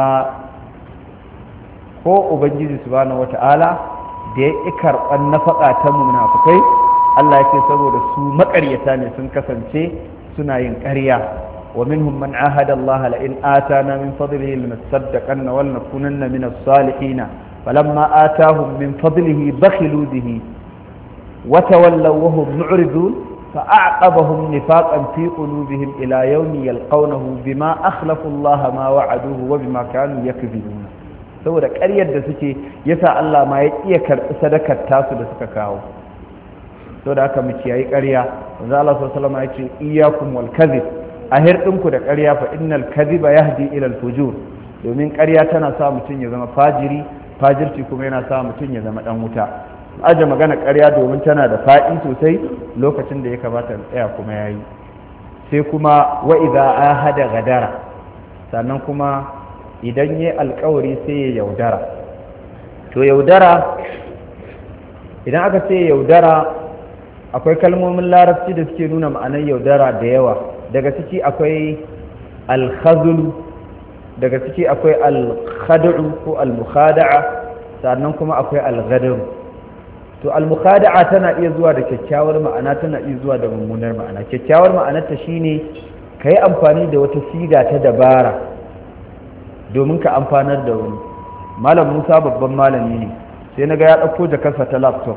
A: ko ubangiji subhanahu wata'ala da ya ƙi karɓar na faɗa munafukai Allah ya ce saboda su maƙaryata ne sun kasance suna yin ƙarya wa minhum man ahada Allah la in atana min fadlihi lanasaddaqanna wal nakunanna min as-salihin falamma atahum min fadlihi bakhilu bihi wa tawallaw wa hum mu'ridun فأعقبهم نفاقا في قلوبهم إلى يوم يلقونه بما أخلفوا الله ما وعدوه وبما كانوا يكذبون saboda ƙaryar da suke yasa Allah ma ya iya karɓi sadakar tasu da suka kawo saboda haka mu kiyayi ƙarya manzo Allah sallallahu salama wasallam ya ce iya wal kadhib a hirdinku da ƙarya fa innal kadhiba yahdi ila al fujur domin ƙarya tana sa mutum ya zama fajiri fajirci kuma yana sa mutum ya zama ɗan wuta aje magana ƙarya domin tana da faɗi sosai lokacin da ya kamata in tsaya kuma ya yi sai kuma wa idza ahada gadara sannan kuma idan ya alkawari sai ya yaudara to yaudara idan aka ce yaudara akwai kalmomin larabci da suke nuna ma'anar yaudara da yawa daga ciki akwai alhazulu daga ciki akwai alhadu ko almukhada'a sannan kuma akwai alghadaru to al al-mukhada'a tana iya zuwa da kyakkyawar ma'ana tana iya zuwa da mummunar ma'ana kyakkyawar ma'anar ta shine ka amfani da wata siga ta dabara domin ka amfanar da wani malam musa babban malami ne sai na ga ya ɗauko jakarsa ta laptop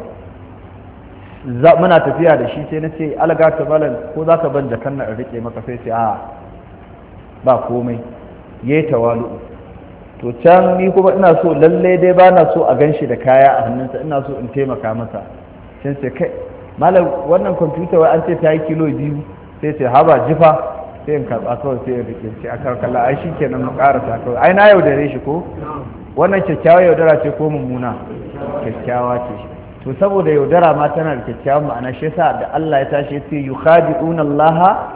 A: muna tafiya da shi sai na ce alaga ta malam ko za ka ban jakar na rike riƙe maka sai sai a ba komai yayi tawalu to can ni kuma ina so lalle dai ba na so a ganshi da kaya a hannunsa ina so in taimaka masa sai ce kai malam wannan kwamfuta wai an ce ta yi kilo biyu sai ce haba jifa sai in karɓa kawai sai in rike ce a karkala ai shi kenan mu ta kawai ai na yaudare shi ko wannan kyakkyawa yaudara ce ko mummuna kyakkyawa ce to saboda yaudara ma tana da kyakkyawan ma'ana shi yasa da Allah ya tashi ce yukhadi'una Allah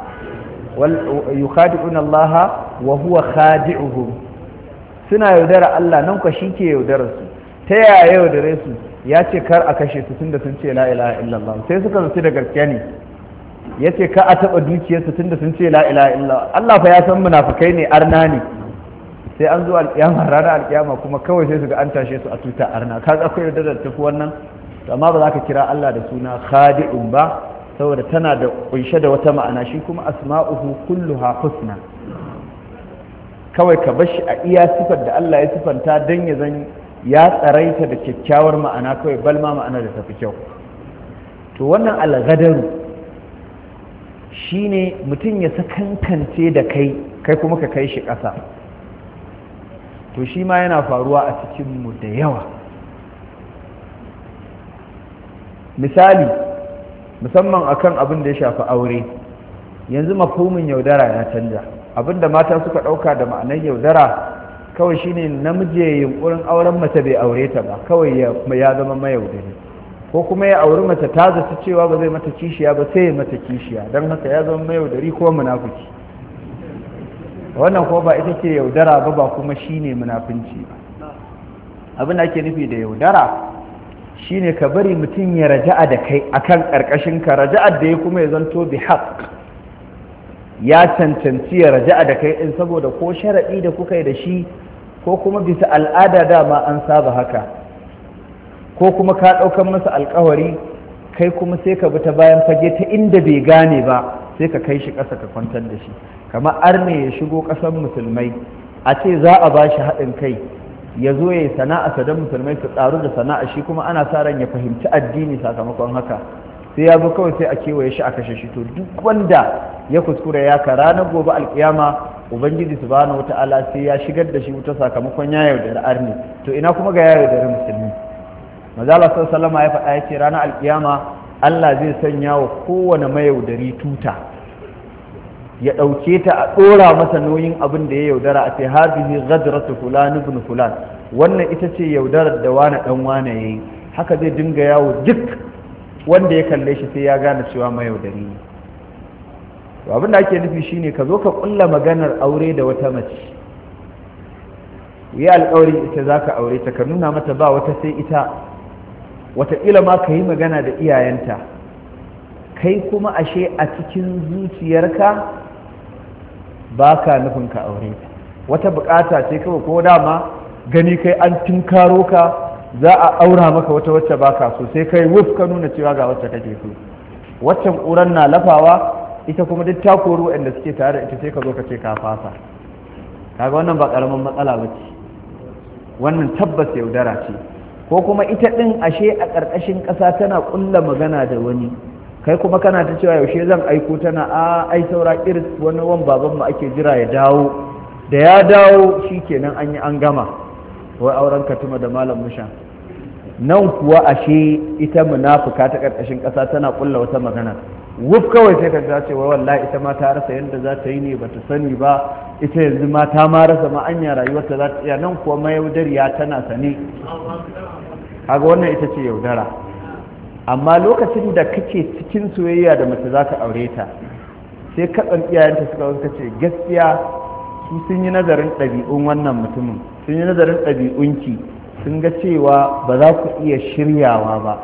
A: wal yukhadi'una Allah wa huwa khadi'uhum suna yaudara Allah nan kwa shi ke yaudara su ta yaya yaudare su ya ce kar a kashe su tunda sun ce la illallah sai suka zuci da gaskiya ne ya ce ka a taɓa dukiyarsu tunda sun ce la illallah Allah fa ya san munafukai ne arna ne sai an zo alƙiyama ranar alƙiyama kuma kawai sai su ga an tashe su a tuta arna ka ga akwai ta tafi wannan amma ba za ka kira Allah da suna khadi'un ba saboda tana da kunshe da wata ma'ana shi kuma asma'uhu kulluha husna kawai ka bashi a iya sifar da Allah ya sifanta don ya zan ya tsaraita da kyakkyawar ma'ana kawai balma ma'ana da tafi kyau to wannan algadaru shine mutum ya sakankance da kai kai kuma ka kai shi ƙasa to shi ma yana faruwa a cikinmu da yawa misali musamman akan abin da ya shafi aure yanzu mafhumin yaudara ya canja Abin da mata suka ɗauka da ma'anar yaudara kawai shine namiji ya yunkurin auren mace bai aure ta ba kawai ya zama mayaudari ko kuma ya auri mace ta zata cewa ba zai mata kishiya ba sai ya mata kishiya don haka ya zama mayaudari ko munafuki wannan ko ba ita ce yaudara ba ba kuma shine munafunci ba abin da ake nufi da yaudara shine ka bari mutum ya raja'a da kai akan karkashin ka raja'ar da ya kuma ya zanto bi ya cancanci ya raja'a da kai in saboda ko sharaɗi da kuka yi da shi ko kuma bisa al'ada dama an saba haka ko kuma ka ɗaukar masa alkawari kai kuma sai ka bi ta bayan fage ta inda bai gane ba sai ka kai shi ƙasa ka kwantar da shi kamar arme ya shigo ƙasar musulmai a ce za a ba shi haɗin kai ya zo ya yi sana'a sadan musulmai su tsaru da sana'a shi kuma ana sa ran ya fahimci addini sakamakon haka sai ya zo kawai sai a kewaye shi a kashe shi to duk wanda ya kuskura ya ka ranar gobe alkiyama ubangiji wata wata'ala sai ya shigar da shi wuta sakamakon ya yaudari arni to ina kuma ga ya yaudari musulmi mazala salama ya faɗa ya ce ranar alkiyama allah zai sanya wa kowane mayaudari tuta ya ɗauke ta a ɗora masa nauyin abin da ya yaudara a ce hazihi ghadratu fulan ibn fulan wannan ita ce yaudarar da wani ɗan wane yayi haka zai dinga yawo duk wanda ya kalle shi sai ya gane cewa mayaudari ne to abin da ake nufi shine ka zo ka kulla maganar aure da wata mace yi alkawari ita za ka aure ta ka nuna mata ba wata sai ita wataƙila ma ka yi magana da iyayenta kai kuma ashe a cikin zuciyarka ba ka nufin ka aure wata bukata ce kawai ko dama gani kai an tunkaro ka za a aura maka wata wacce baka so sai kai wuf ka nuna cewa ga wacce kake so waccan ƙuran na lafawa ita kuma duk ta koru waɗanda suke tare da ita sai ka zo ka ce ka fasa kaga wannan ba ƙaramin matsala ba ce wannan tabbas yaudara ce ko kuma ita ɗin ashe a ƙarƙashin ƙasa tana ƙulla magana da wani kai kuma kana ta cewa yaushe zan aiko tana a ai saura irin wani wan baban mu ake jira ya dawo da ya dawo shikenan an yi an gama wai auren katuma da malam musha nan kuwa ashe ita munafuka ta karkashin ƙasa tana kulla wata magana wuf kawai sai ka ta ce wallahi ita ma ta rasa yadda za ta yi ne bata sani ba ita yanzu ma ta ma rasa ma anya rayuwarta za ta iya nan kuwa mayaudariya tana sane kaga wannan ita ce yaudara amma lokacin da kake cikin soyayya da mace za ka aure ta sai tsan iyayenta suka wanka ce gaskiya su sun yi nazarin ɗabi'un wannan mutumin sun yi nazarin ɗabi'unki sun ga cewa ba za ku iya shiryawa ba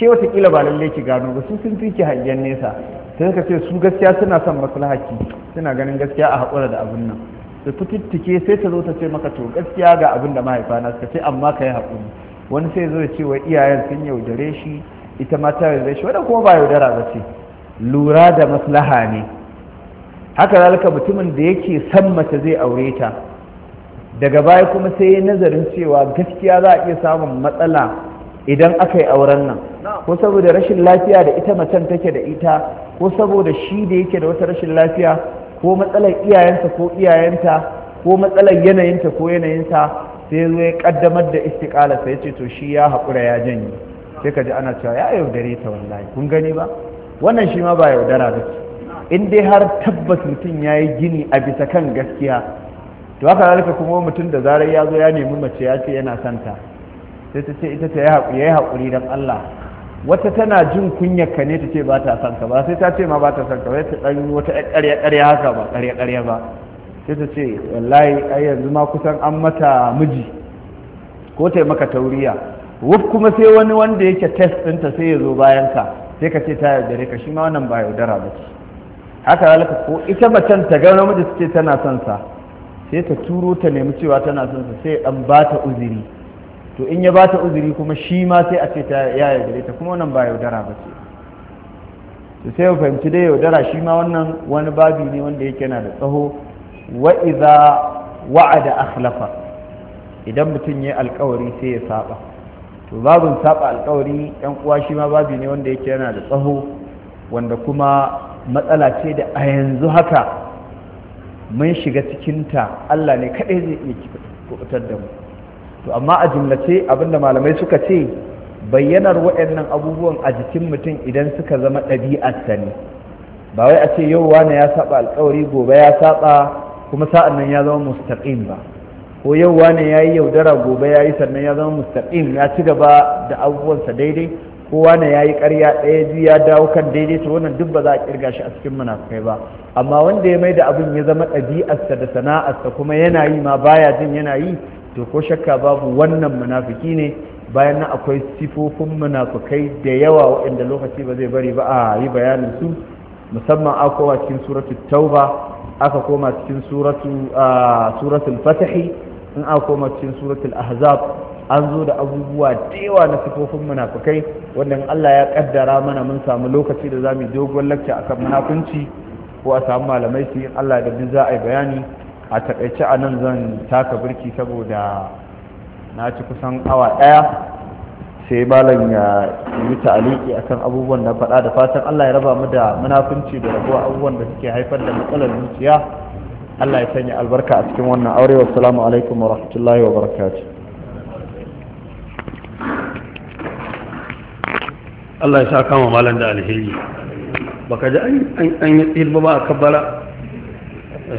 A: ke watakila ba lalle ki gano ba su sun fi ki hangen nesa sai ka ce su gaskiya suna son maslahaki suna ganin gaskiya a haƙura da abin nan da fitittike sai ta zo ta ce maka to gaskiya ga abin da mahaifa na suka ce amma ka yi haƙuri wani sai zo ya ce wa iyayen sun yaudare shi ita ma ta yaudare shi wadda kuma ba yaudara ba ce lura da maslaha ne haka zalika mutumin da yake san mace zai aure ta daga baya kuma sai nazarin cewa gaskiya za a iya samun matsala idan aka yi auren nan ko saboda rashin lafiya da ita macen take da ita ko saboda shi da yake da wata rashin lafiya ko matsalar iyayensa ko iyayenta ko matsalar yanayinta ko yanayinsa sai zo ya kaddamar da istiqala sai ce to shi ya haƙura ya janye sai ka ji ana cewa ya yaudare ta wallahi kun gani ba wannan shi ma ba yaudara ba in dai har tabbas mutum ya yi gini a bisa kan gaskiya to haka zalika kuma mutum da zarar ya zo ya nemi mace ya ce yana santa sai ta ce ita ta ya yi haƙuri don Allah wata tana jin kunyar ka ne ta ce ba ta son ka ba sai ta ce ma ba ta son ka sai ta dan wata ƙarya ƙarya haka ba ƙarya ƙarya ba sai ta ce wallahi ai yanzu ma kusan an mata miji ko ta maka tauriya wuf kuma sai wani wanda yake test ta sai ya zo bayan ka sai ka ce ta yaudare ka shi ma wannan ba yaudara ba ce haka zalika ko ita macen ta ga namiji ta ce tana son sa sai ta turo ta nemi cewa tana son sa sai an ba ta uzuri to in ya ba ta uzuri kuma shi ma sai a ce ta ya yaudare ta kuma wannan ba yaudara ba ce to sai mu fahimci dai yaudara shi ma wannan wani babi ne wanda yake na da tsaho wa iza wa'ada akhlafa idan mutum ya alkawari sai ya saba to babin saba alkawari yan uwa shi ma babi ne wanda yake yana da tsaho wanda kuma matsala ce da a yanzu haka mun shiga cikinta Allah ne kaɗai zai iya kubutar da mu to amma a jimlace abinda malamai suka ce bayyanar waɗannan abubuwan a jikin mutum idan suka zama ɗabi'arsa ne ba wai a ce yau wane ya saba alkawari gobe ya saba kuma sa'an nan ya zama mustaqim ba ko yau wane ya yi yaudara gobe ya yi sannan ya zama mustaqim ya ci gaba da abubuwansa daidai kowa na yayi ƙarya ɗaya biyu ya dawo kan daidai to wannan duk ba za a kirga shi a cikin munafukai ba amma wanda ya mai da abin ya zama ɗabi'arsa da sana'arsa kuma yana yi ma baya jin yana yi to ko shakka babu wannan munafiki ne bayan na akwai sifofin munafukai da yawa waɗanda lokaci ba zai bari ba a yi bayanin su musamman a kowa cikin suratu tauba aka koma cikin suratu ah, suratul fatahi in aka koma cikin suratul ahzab an zo da abubuwa da yawa na sifofin munafukai wannan Allah ya kaddara mana mun samu lokaci da za mu dogon lakca akan munafunci ko a samu malamai su yin Allah da za a bayani a takaice a nan zan taka birki saboda na ci kusan awa ɗaya sai malam ya yi ta'aliki akan abubuwan da faɗa da fatan Allah ya raba mu da munafunci da rabuwa abubuwan da suke haifar da matsalar zuciya Allah ya sanya albarka a cikin wannan aure wassalamu alaikum wa rahmatullahi wa barakatuh Allah ya sa kama malam da alheri baka ji an yi tsirba ba a kabbala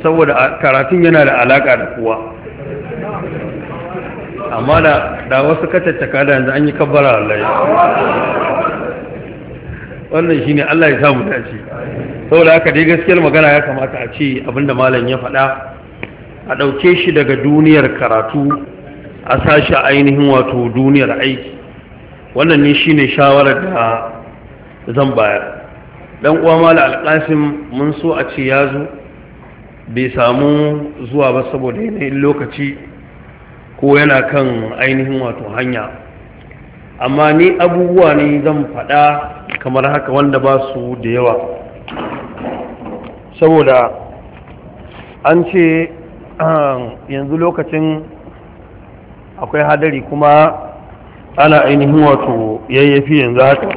A: saboda karatun yana da alaka da kuwa amma da wasu kacaccaka da yanzu an yi kabbala Allah ya wannan shi ne Allah ya sa mu dace saboda haka dai gaskiyar magana ya kamata a ce abinda malam ya faɗa a ɗauke shi daga duniyar karatu a sashi ainihin wato duniyar aiki wannan ne shine shawarar da zan bayar dan uwa mala alƙasim mun so a ce ya zo bai samu zuwa ba saboda yanayin lokaci ko yana kan ainihin wato hanya amma ni abubuwa ne zan faɗa kamar haka wanda ba su da yawa saboda an ce ah, yanzu lokacin akwai hadari kuma ana ainihin wato yayyafi yanzu haka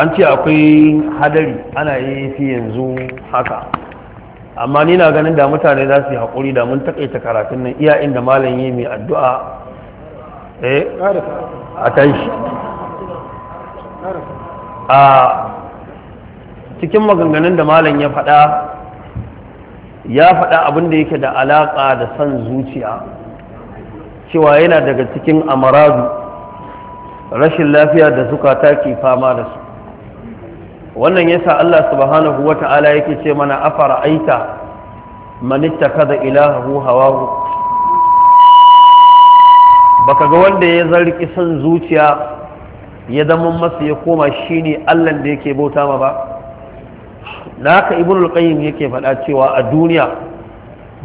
A: an ce akwai hadari ana yayyafi yanzu haka amma ni na ganin da mutane za su yi haƙuri da mun taƙaita karatun nan iya inda malam yi mai addu'a eh a tashi a cikin maganganun da malam ya faɗa ya faɗa abin da yake da alaƙa da son zuciya cewa yana daga cikin amaradu rashin lafiya da zukata ke fama da su wannan ya sa Allah subhanahu ta'ala yake ce mana afara aita manitta kada ilahahu hawahu baka ga wanda ya zarki son zuciya ya zama masu ya koma shi ne Allah da yake bauta ma ba na haka al qayyim yake faɗa cewa a duniya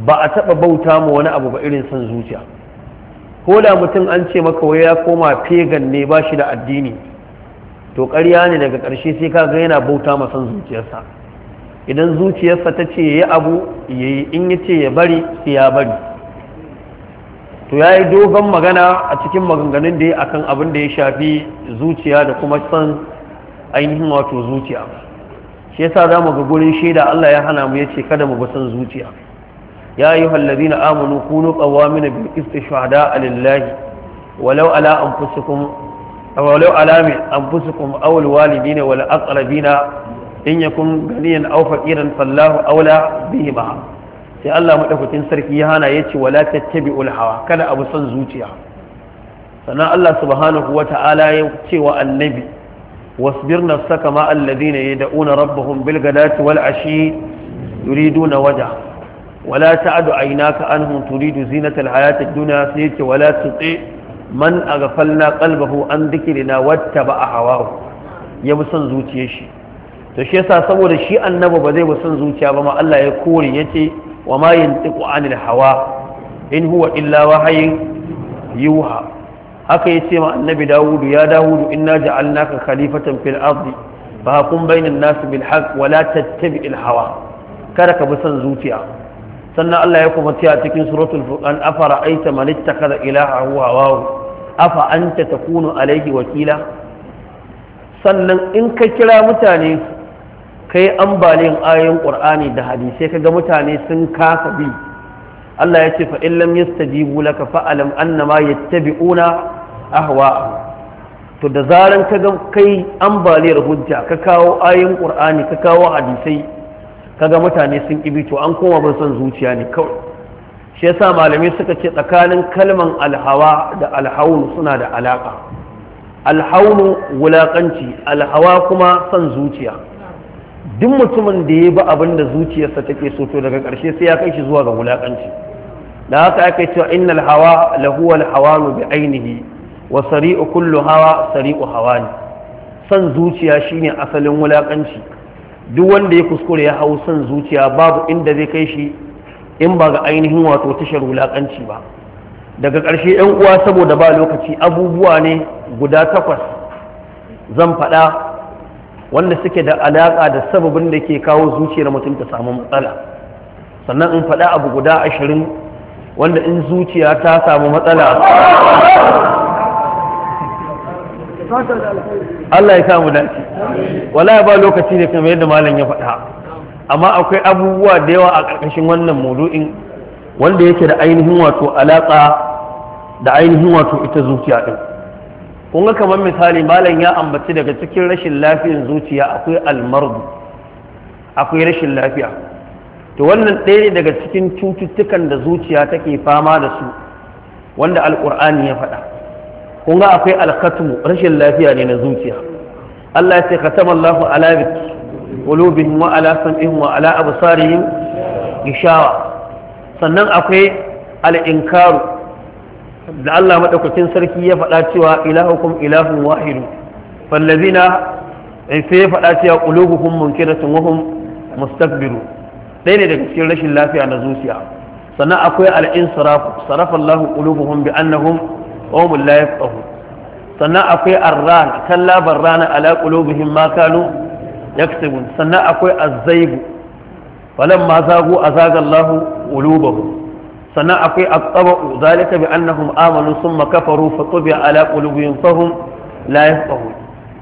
A: ba a taɓa bauta mu wani abu ba irin son zuciya ko da mutum an ce maka wai ya koma fegan ne ba shi da addini to ƙarya ne daga ƙarshe sai ka ga yana bauta ma son zuciyarsa idan zuciyarsa ta ce ya abu ya yi in ya ce ya bari sai ya bari to ya yi dogon magana a cikin maganganun da ya akan abin da ya shafi zuciya da kuma son ainihin wato zuciya shi yasa za mu ga gurin shaida Allah ya hana mu ya ce kada mu ba zuciya ya yi hallabi na amonu kunu ƙawamin da bilkista shahada a lillahi walau ala an fusukum walau alami an fusukum awul walidi ne wal aqrabi na in yakun ganiyan aw irin fallahu aula bihi ba, sai Allah madaukakin sarki ya hana yace wala tattabi hawa kada abu san zuciya sannan Allah subhanahu wata'ala ya ce wa annabi wasbir nafsaka ma alladhina yad'una rabbahum bil ghadati wal ashi yuriduna wajha wala ta'du aynaka anhum turidu zinata al hayati ad-dunya sayti wala tuti man aghfalna qalbahu an dhikrina wattaba hawahu ya bi son zuciyar shi to shi yasa saboda shi an annabi ba zai bi son zuciya ba ma Allah ya kore yace wa ma yantiqu anil hawa in huwa illa wahayin yuha haka ya ce ma annabi dawudu ya dawudu inna ja'alnaka khalifatan fil ardi fa hakum bainan nas bil haqq wa la tattabi'il hawa kada ka bi son zuciya sannan Allah ya kuma ce a cikin suratul furqan afara aita man ittakhadha ilaha huwa hawa afa anta takunu alayhi wakila sannan in ka kira mutane kai ambaliyan ayoyin qur'ani da hadisi kaga mutane sun kasa bi Allah ya ce fa in lam yastajibu laka fa annama yattabi'una ahwa to da zaran ka ga kai ambaliyar hujja ka kawo ayin qur'ani ka kawo hadisai kaga mutane sun kibi to an koma ban son zuciya ne kawai shi yasa malamai suka ce tsakanin kalman alhawa da alhaunu suna da alaka alhaunu wulakanci alhawa kuma son zuciya duk mutumin da ya bi abin da zuciyarsa take so to daga ƙarshe sai ya kai shi zuwa ga wulakanci da haka aka cewa innal hawa lahu wal hawanu bi ainihi wa sari'u kullu hawa sari'u hawa ne san zuciya shine asalin wulakanci duk wanda ya kuskure ya hau san zuciya babu inda zai kai shi in ba ga ainihin wato tashar wulakanci ba daga ƙarshe yan uwa saboda ba lokaci abubuwa ne guda takwas zan faɗa wanda suke da alaƙa da sababin da ke kawo zuciyar mutum ta samu matsala sannan in faɗa abu guda ashirin wanda in zuciya ta samu
B: matsala Allah
A: ya samu dace wallahi ba lokaci ne kamar yadda malam ya faɗa amma akwai abubuwa da yawa a ƙarƙashin wannan maudu'in wanda yake da ainihin wato alaƙa da ainihin wato ita zuciya ɗin kun ga kamar misali malam ya ambaci daga cikin rashin lafiyar zuciya akwai almardu akwai rashin lafiya to wannan ɗaya ne daga cikin cututtukan da zuciya take fama da su wanda alƙur'ani ya faɗa kun ga akwai alkatmu rashin lafiya ne na zuciya Allah ya ce ka katama Allahu ala bi qulubihim wa ala sam'ihim wa ala absarihim gishawa sannan akwai al-inkaru da Allah madaukakin sarki ya faɗa cewa ilahukum ilahun wahidu fallazina eh, sai ya faɗa cewa qulubuhum munkiratun wa hum mustakbiru Dai ne daga cikin rashin lafiya na zuciya sannan akwai al-insaraf sarafa Allahu qulubuhum bi annahum qaumun la yafqahu sannan akwai arran kalla barrana ala qulubihim ma kanu yaktubun sannan akwai azzaibu falamma zagu azaga Allahu qulubahum sannan akwai at-tabu zalika bi annahum amanu thumma kafaru fa tubi'a ala qulubihim fahum la yafqahun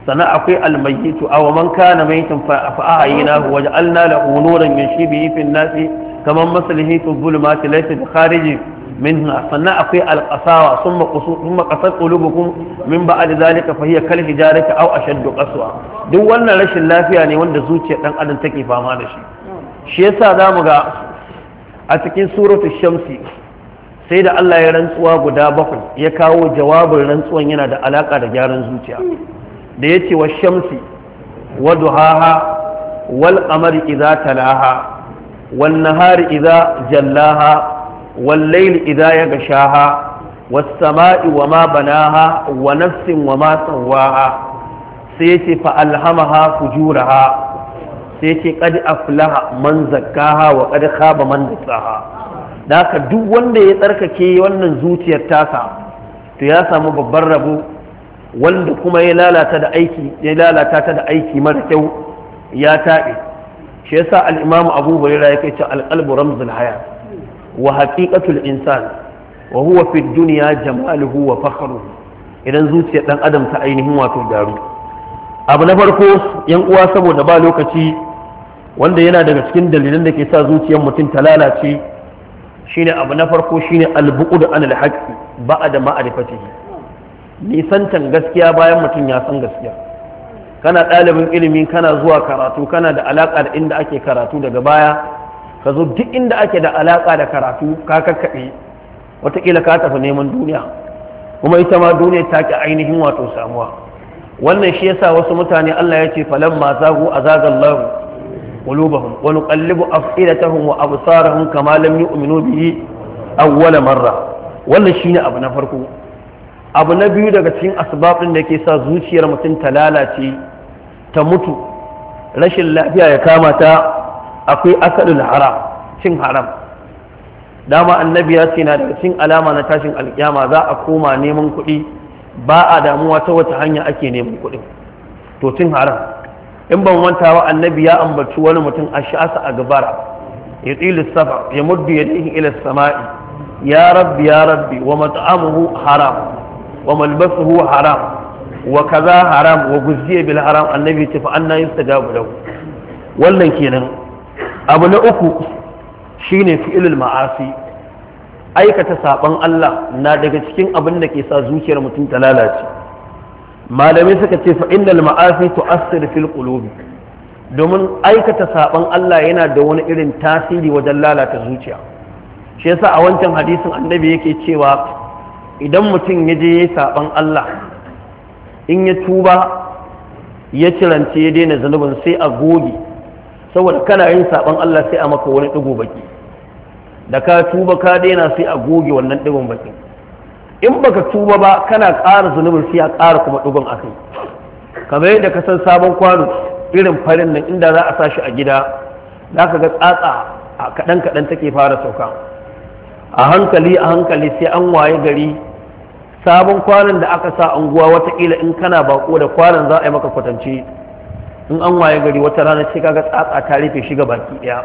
A: sannan akwai almayitu aw man kana maytan fa ahaynahu wa ja'alna lahu nuran yamshi bihi fi an-nasi kamar maslihi fi dhulumati laysa bi khariji منها صنع في القساوة ثم ثم قصد قلوبكم من بعد ذلك فهي كالحجارة أو أشد قسوة duk wannan rashin lafiya ne wanda zuciyar dan adam take fama da shi shi yasa zamu ga a cikin suratul shamsi sai da Allah ya rantsuwa guda bakwai ya kawo jawabin rantsuwan yana da alaka da gyaran zuciya da yace wa shamsi wa duhaha wal qamari idza talaha wan nahari idza jallaha wallaili iza ya gashaha was sama'i wa ma banaha wa nafsin wa ma sawaha sai yace fa alhamaha fujuraha sai yace qad aflaha man zakkaha wa qad khaba man dassaha daka duk wanda ya tsarkake wannan zuciyar tasa to ya samu babban rabo wanda kuma ya lalata lalata ta da aiki mara kyau ya taɓe shi yasa al-imamu abu hurairah ya cewa al-qalbu ramzul hayat wa haqiqatul insan wa huwa fi dunya idan zuciyar dan adam ta ainihin wato daru abu na farko yan uwa saboda ba lokaci wanda yana daga cikin dalilan da ke sa zuciyar mutum ta lalace shine abu na farko shine albuqud an alhaqi da ma'rifatihi tan gaskiya bayan mutum ya san gaskiya kana ɗalibin ilimi kana zuwa karatu kana da alaƙa da inda ake karatu daga baya ka zo duk inda ake da alaƙa da karatu ka kakkaɓe wataƙila ka tafi neman duniya kuma ita ma duniya ta ki ainihin wato samuwa wannan shi yasa wasu mutane Allah ya ce falamma zagu wa قلوبهم ونقلب أفئدتهم وأبصارهم كما لم يؤمنوا به أول مرة wannan shine abu na farko abu na biyu daga cikin asbabin da ke sa zuciyar mutum ta lalace ta mutu rashin lafiya ya kama ta akwai akalul haram cin haram dama annabi ya ce na daga cin alama na tashin alkiyama za a koma neman kuɗi ba a damuwa ta wata hanya ake neman kuɗin to cin haram in ban wanta wa annabi ya ambaci wani mutum a sha'asa a gabara ya tsili safa ya muddu ya dihin ila sama'i ya rabbi ya rabbi wa mat'amuhu haram wa malbasuhu haram wa kaza haram wa guzziya bil haram annabi ce fa anna yustajabu lahu wannan kenan abu na uku shi shine fi'ilul ma'asi aikata saɓon Allah na daga cikin abin da ke sa zuciyar mutum ta lalace malamai suka ce fa ma'asi to fil qulubi domin aikata saɓon Allah yana da wani irin tasiri wajen lalata zuciya shi yasa a wancan hadisin annabi yake cewa idan mutum ya je saban Allah in ya tuba ya cirance ya daina zanubin sai a goge saboda kana yin saban Allah sai a maka wani digo baki da ka tuba ka daina sai a goge wannan digon baki in baka tuba ba kana ƙara zunubin sai a ƙara kuma digon akai kamar yadda ka san sabon kwano irin farin nan inda za a sa shi a gida za ka ga tsatsa a kaɗan kaɗan take fara sauka a hankali a hankali sai an waye gari sabon kwanon da aka sa anguwa watakila in kana bako da kwanon za a yi maka kwatance in an waye gari wata rana sai kaga tsatsa ta rufe shi ga baki daya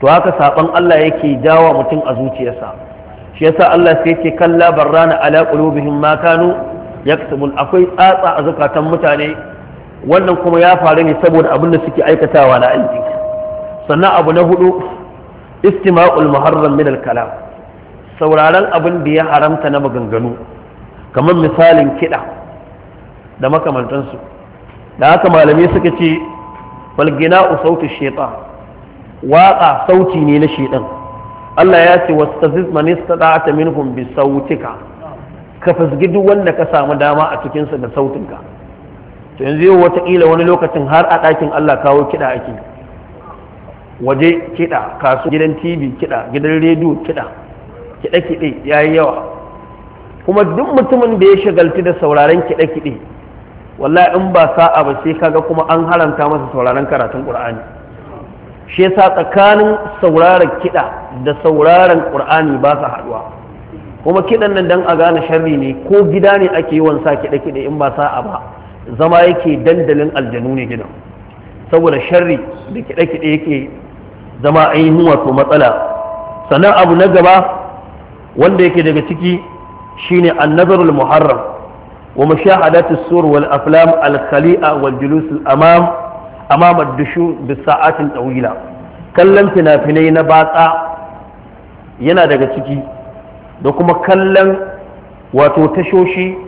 A: to haka sabon Allah yake dawa mutum a zuciyarsa shi yasa Allah sai yake kalla barrana ala qulubihim ma kanu yaktubun akwai tsatsa a zakatan mutane wannan kuma ya faru ne saboda abin da suke aikatawa na aiki sannan abu na hudu istima'ul muharram min al-kalam sauraron abin da ya haramta na maganganu kamar misalin kiɗa da makamantansu da haka malamai suka ce falgina sauti shaitan waƙa sauti ne na shaitan Allah ya ce wastaziz man istata minhum bi sautika ka Ka wanda ka samu dama a cikin sa da sautinka to yanzu yau watakila wani lokacin har a ɗakin Allah kawo kiɗa ake waje kiɗa kasu gidan tv kiɗa gidan rediyo kiɗa kiɗe-kiɗe ya yi yawa kuma duk mutumin da ya shagalti da sauraren kiɗe-kiɗe wallahi in ba sa'a ba sai kaga kuma an haranta masa sauraron karatun qur'ani shi yasa tsakanin sauraron kiɗa da sauraron qur'ani ba sa haɗuwa kuma kiɗan nan dan a gane sharri ne ko gida ne ake yawan sa kiɗe kiɗe in ba sa'a ba zama yake dandalin aljanu ne gidan saboda sharri da kiɗe kiɗe yake zama ainihin wato matsala sannan abu na gaba wanda yake daga ciki shine annazarul muharram ومشاهدة السور والأفلام الخليئة والجلوس الأمام أمام الدشو بالساعات الطويلة كلمت نافنين باطا yana daga ciki da kuma kallon tashoshi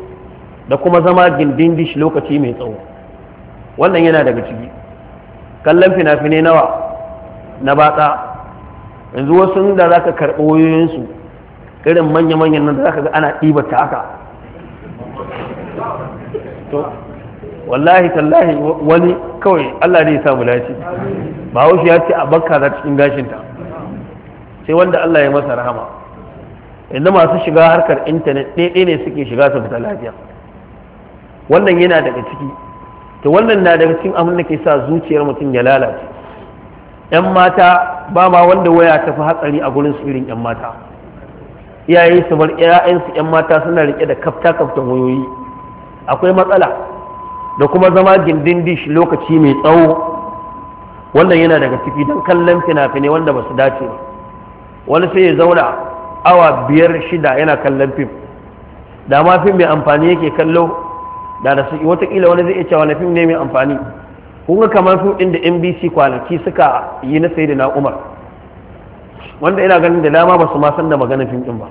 A: da kuma zama gindin dish lokaci mai tsawo wannan yana daga ciki kallon fina-finai nawa na batsa yanzu wasu da za ka karɓi wayoyinsu irin manya-manyan nan da za ka ga ana ɗibata haka to wallahi tallahi wani kawai Allah ne ya samu laci. ba ya ce a bakka za cikin gashinta sai wanda Allah ya masa rahama yanzu masu shiga harkar intanet ɗaya ne suke shiga su fita lafiya wannan yana daga ciki to wannan na daga cikin abin da ke sa zuciyar mutum ya lalace yan mata ba ma wanda waya ta fi hatsari a gurin su irin yan mata iyaye su bar 'ya'yansu yan mata suna rike da kafta kaftan wayoyi akwai matsala da kuma zama gindin dish lokaci mai tsawo wannan yana daga ciki don kallon fina-finai wanda ba su dace ba wani sai ya zauna awa biyar shida yana kallon fim da ma fim mai amfani yake kallo da da suke watakila wani zai iya cewa na fim ne mai amfani kuma kamar fim ɗin da nbc kwanaki suka yi na sai da na umar wanda ina ganin da dama ba su ma san da maganar fim ɗin ba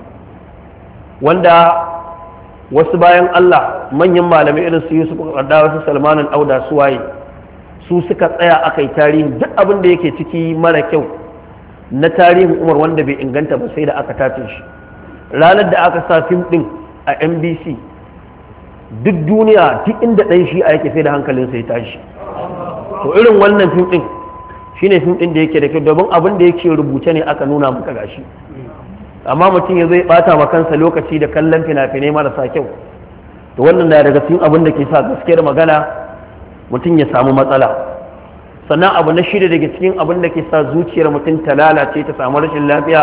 A: wanda wasu bayan Allah manyan malamai irin su Yusuf Qadda wasu Salman Auda su waye su suka tsaya akai tarihin duk abin da yake ciki mara kyau na tarihin Umar wanda bai inganta ba sai da aka tace shi ranar da aka sa fim din a NBC duk duniya duk inda dan shi a yake sai da hankalin sai tashi to irin wannan fim din shine fim din da yake da kyau domin abin da yake rubuce ne aka nuna maka gashi amma mutum ya zai bata ma kansa lokaci da kallon fina-finai marasa kyau to wannan na daga cikin abin da ke sa gaskiyar magana mutum ya samu matsala sannan abu na shida daga cikin abin da ke sa zuciyar mutum ta lalace ta samu rashin lafiya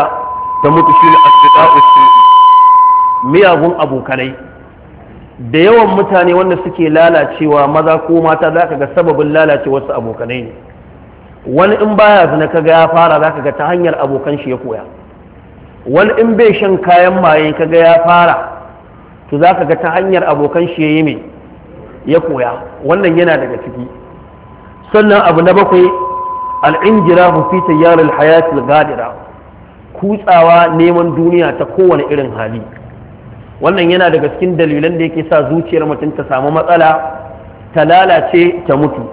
A: ta mutu shi ne miyagun abokanai da yawan mutane wanda suke lalacewa maza ko mata za ka ga sababin wasu abokanai ne wani in baya zina kaga ya fara za ka ga ta hanyar abokan shi ya koya wani in bai shan kayan maye kaga ya fara to za ka ga ta hanyar abokan shi ya yi mai ya koya wannan yana daga ciki sannan abu na bakwai al'injira fi tayyarar hayatul gadira kutsawa neman duniya ta kowane irin hali wannan yana daga cikin dalilan da yake sa zuciyar mutum ta samu matsala ta lalace ta mutu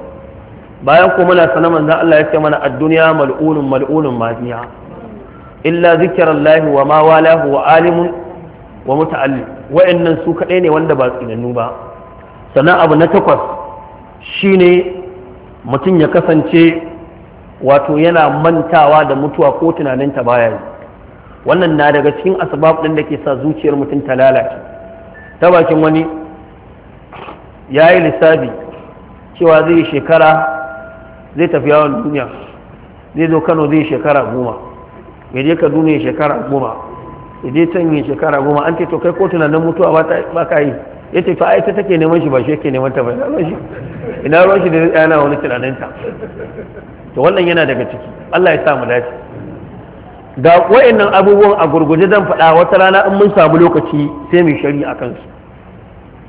A: bayan kuma na sanar manzan Allah ya ce mana a duniya mal'unin mal'unin mafiya illa zikirar wa ma walahu wa alimun wa muta'allim wa'annan su kadai ne wanda ba tsinannu ba sannan abu na takwas shine mutum ya kasance wato yana mantawa da mutuwa ko tunaninta baya ne. wannan na daga cikin asbab din da ke sa zuciyar mutum ta lalace ta bakin wani ya yi lissafi cewa zai shekara zai tafi yawon duniya zai zo kano zai shekara goma ya je ka duniya shekara goma ya je can yi shekara goma an ce to kai ko tunanin mutuwa ba ka yi ya ce to aita take neman shi ba shi yake neman ta ba ina ruwan shi ina ruwan shi da yana wani tunaninta to wannan yana daga ciki Allah ya sa mu dace da wayannan abubuwan a gurguje zan faɗa wata rana in mun samu lokaci sai mu shari'a a su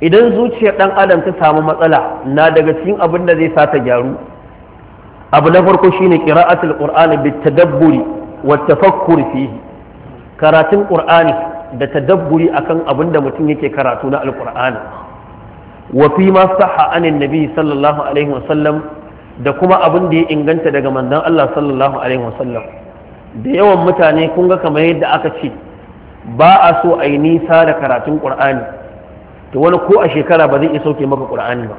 A: idan zuciyar dan adam ta samu matsala na daga cikin abin da zai sa ta gyaru abu na farko shine qira'atul qur'ani bitadabburi والتفكر فيه karatun ƙur'ani da tadabburi akan abin da mutum yake karatu na Alkur'ani wafi fi ma sahha anin sallallahu alaihi da kuma abin da ya inganta daga manzon Allah sallallahu alaihi wasallam da yawan mutane kun ga kamar yadda aka ce ba a so a yi nisa da karatun ƙur'ani to wani ko a shekara ba zai iya sauke maka ƙur'ani ba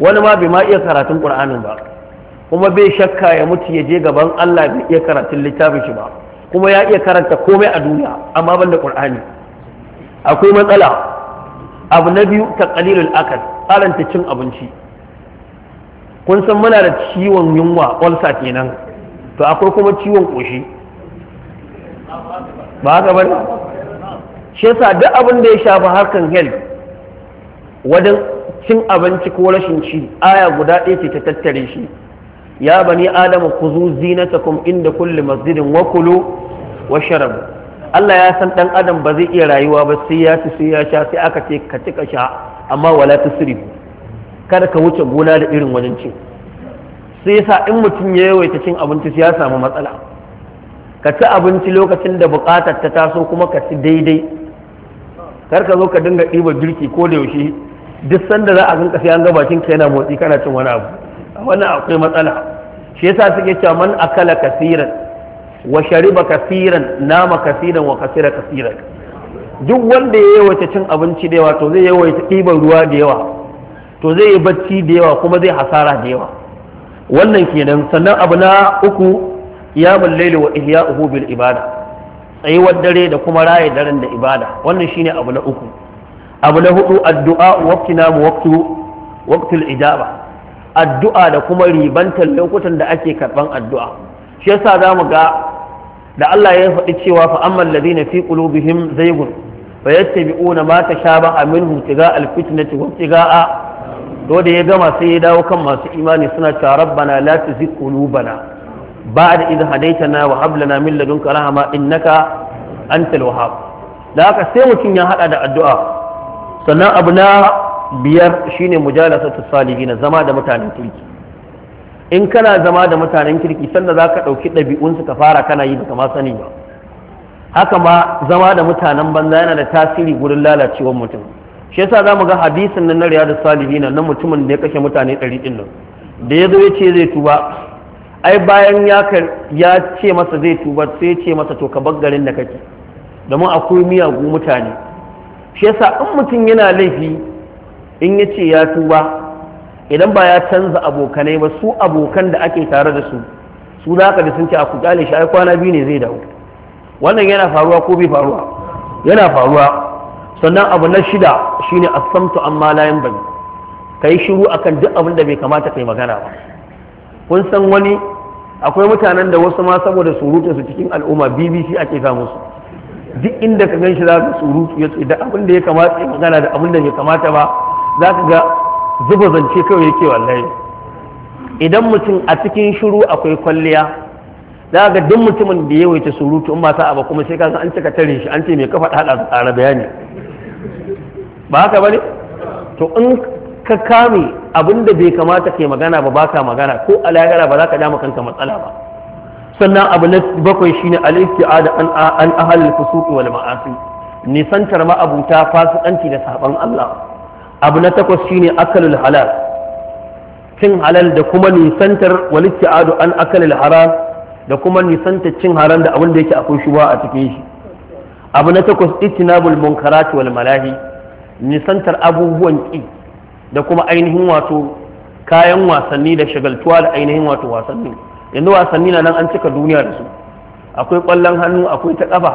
A: wani ma bai ma iya karatun ƙur'anin ba kuma bai shakka ya mutu ya je gaban Allah bai iya karatun littafin shi ba kuma ya iya karanta komai a duniya amma ban da Qur'ani akwai matsala abu na biyu ta qalilul akal karanta cin abinci kun san muna da ciwon yunwa ulcer kenan to akwai kuma ciwon koshi ba haka bane shi yasa duk abin da ya shafi harkan health wajen cin abinci ko rashin ci aya guda ɗaya ce ta tattare shi ya bani adam khuzu zinatakum inda kulli masjidin wa kulu washarab Allah ya san dan adam ba zai iya rayuwa ba sai ya ci sai ya sha sai aka ce ka ci ka sha amma wala tusrifu kada ka wuce gona da irin wajen ce sai yasa in mutum ya yawaita cin abinci sai ya samu matsala ka ci abinci lokacin da buƙatar ta taso kuma ka ci daidai kar ka zo ka dinga ɗiba girki ko da yaushe duk sanda za a ganka sai an ga bakin ka yana motsi kana cin wani abu wannan akwai matsala shi yasa suke cewa man akala kasiran wa shariba kasiran nama kasiran wa kasira kasiran duk wanda ya yawaita cin abinci da yawa to zai yawaita ɗiban ruwa da yawa to zai yi bacci da yawa kuma zai hasara da yawa wannan kenan sannan abu na uku ya layli wa ihya'uhu bil ibada tsayuwar dare da kuma raye daren da ibada wannan shine abu na uku abu na hudu addu'a waqtina mu waqtu waqtul ijaba addu'a da kuma ribantar lokutan da ake karɓan addu'a shi yasa za mu ga da Allah ya faɗi cewa fa amman ladina fi qulubihim zaygun fa yattabi'una ma tashabaha minhu tiga alfitnati wa a to da ya gama sai ya dawo kan masu imani suna cewa rabbana la tuzigh qulubana ba'da idh na wa hab lana min ladunka rahma innaka antal wahhab da haka sai mutum ya haɗa da addu'a sannan abu na biyar shine mujalasatu salihin zama da mutanen kirki in kana zama da mutanen kirki sannan za ka ɗauki su ka fara kana yi baka ma sani ba haka ma zama da mutanen banza yana da tasiri gurin lalacewar mutum shi yasa za mu ga hadisin nan na riyadu salihin na mutumin da ya kashe mutane ɗari ɗin nan da ya zo ya ce zai tuba ai bayan ya ce masa zai tuba sai ya ce masa to ka garin da kake domin akwai miyagu mutane shi yasa in mutum yana laifi in ya ce ya tuba idan ba ya canza abokanai ba su abokan da ake tare da su su za ka da sun ce a ku shi ai kwana biyu ne zai dawo wannan yana faruwa ko bai faruwa yana faruwa sannan abu na shida shine samtu amma layan bani kai shiru akan duk abin da bai kamata kai magana ba kun san wani akwai mutanen da wasu ma saboda surutu su cikin al'umma BBC ake samu su duk inda ka gan shi za ka surutu ya ce da abin da ya kamata magana da abin da bai kamata ba za ka ga zuba zance kawai yake wallahi idan mutum a cikin shiru akwai kwalliya za ka ga duk mutumin da ta surutu in ba sa'a ba kuma sai an cika tare shi an ce mai kafa hada tsara bayani ba haka bane to in ka kame abin da bai kamata kai magana ba baka magana ko alagara ba za ka dama kanka matsala ba sannan abu na bakwai shine al-isti'ada an an ahal al-fusuq wal ma'asi nisantar ma abuta fasikanci da saban Allah abu na takwas shine akalul halal cin halal da kuma nisantar walitti'adu an akalul haram da kuma nisantar cin haram da abin da yake akwai shuba a cikin shi abu na takwas itinabul munkarati wal malahi nisantar abubuwan ki da kuma ainihin wato kayan wasanni da shagaltuwa da ainihin wato wasanni yanzu wasanni na nan an cika duniya da su akwai kwallon hannu akwai ta kafa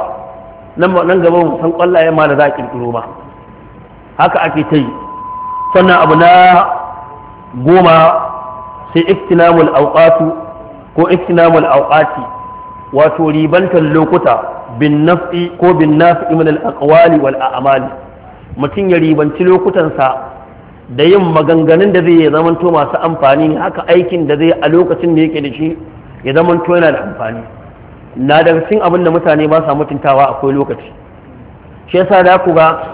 A: nan gaba mu san kwallaye ma da za a ba haka ake ta yi sannan abu na goma sai iktinamul auqatu ko iktinamul auqati wato ribantar lokuta bin naf'i ko bin nafi min al aqwali wal a'mali mutum ya ribanci lokutansa da yin maganganun da zai ya zamanto masu amfani haka aikin da zai a lokacin da yake da shi ya zamanto yana da amfani na daga cikin abin da mutane ba sa mutuntawa akwai lokaci shi yasa da ku ga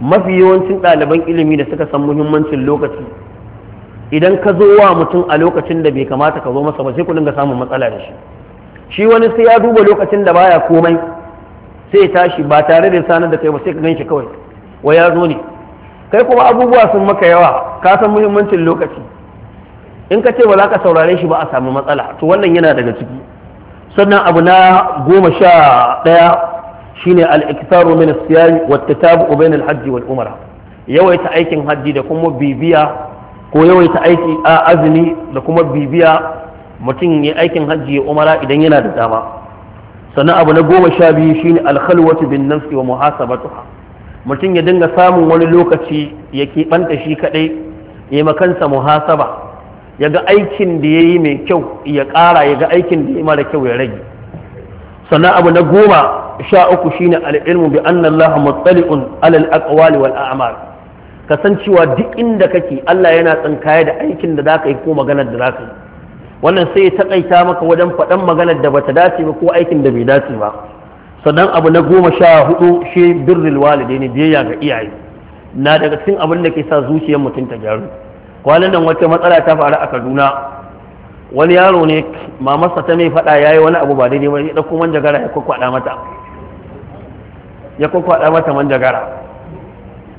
A: mafi yawancin ɗaliban ilimi da suka san muhimmancin lokaci idan ka zo wa mutum a lokacin da bai kamata ka zo masa ba sai ku dinga samun matsala da shi shi wani sai ya duba lokacin da baya komai sai ya tashi ba tare da sanar da kai ba sai ka ganshi kawai wa ya zo ne kai kuma abubuwa sun maka yawa ka san muhimmancin lokaci in ka ce ba za ka saurare shi ba a samu matsala to wannan yana daga ciki sannan abu na goma sha ɗaya shine al-iktaru min as-siyam wa at-tatabu'u wal yawaita aikin hajji da kuma bibiya ko yawaita aiki a azumi da kuma bibiya mutum ya aikin hajji ya umara idan yana da dama sannan abu na goma sha biyu shine al-khalwatu bin nafsi wa muhasabatuha mutum ya dinga samun wani lokaci ya keɓanta shi kaɗai ya makansa muhasaba ya ga aikin da ya yi mai kyau ya ƙara ya ga aikin da ya mara kyau ya rage sannan abu na goma sha uku shine al'ilmu bi anna Allah muttali'un alal aqwali wal a'mal kasancewa duk inda kake Allah yana tsinkaya da aikin da zaka yi ko maganar da zaka yi wannan sai ya takaita maka wajen faɗan maganar da bata dace ba ko aikin da bai dace ba sannan abu na goma sha hudu shi birrul walidaini biyayya ga iyaye na daga cikin abin da ke sa zuciyar mutum ta gyaru kwanan nan wata matsala ta faru a Kaduna wani yaro ne masa ta mai faɗa ya yi wani abu ba daidai ba ya ɗauko manjagara ya kwakwada mata ya kwakwada mata manjagara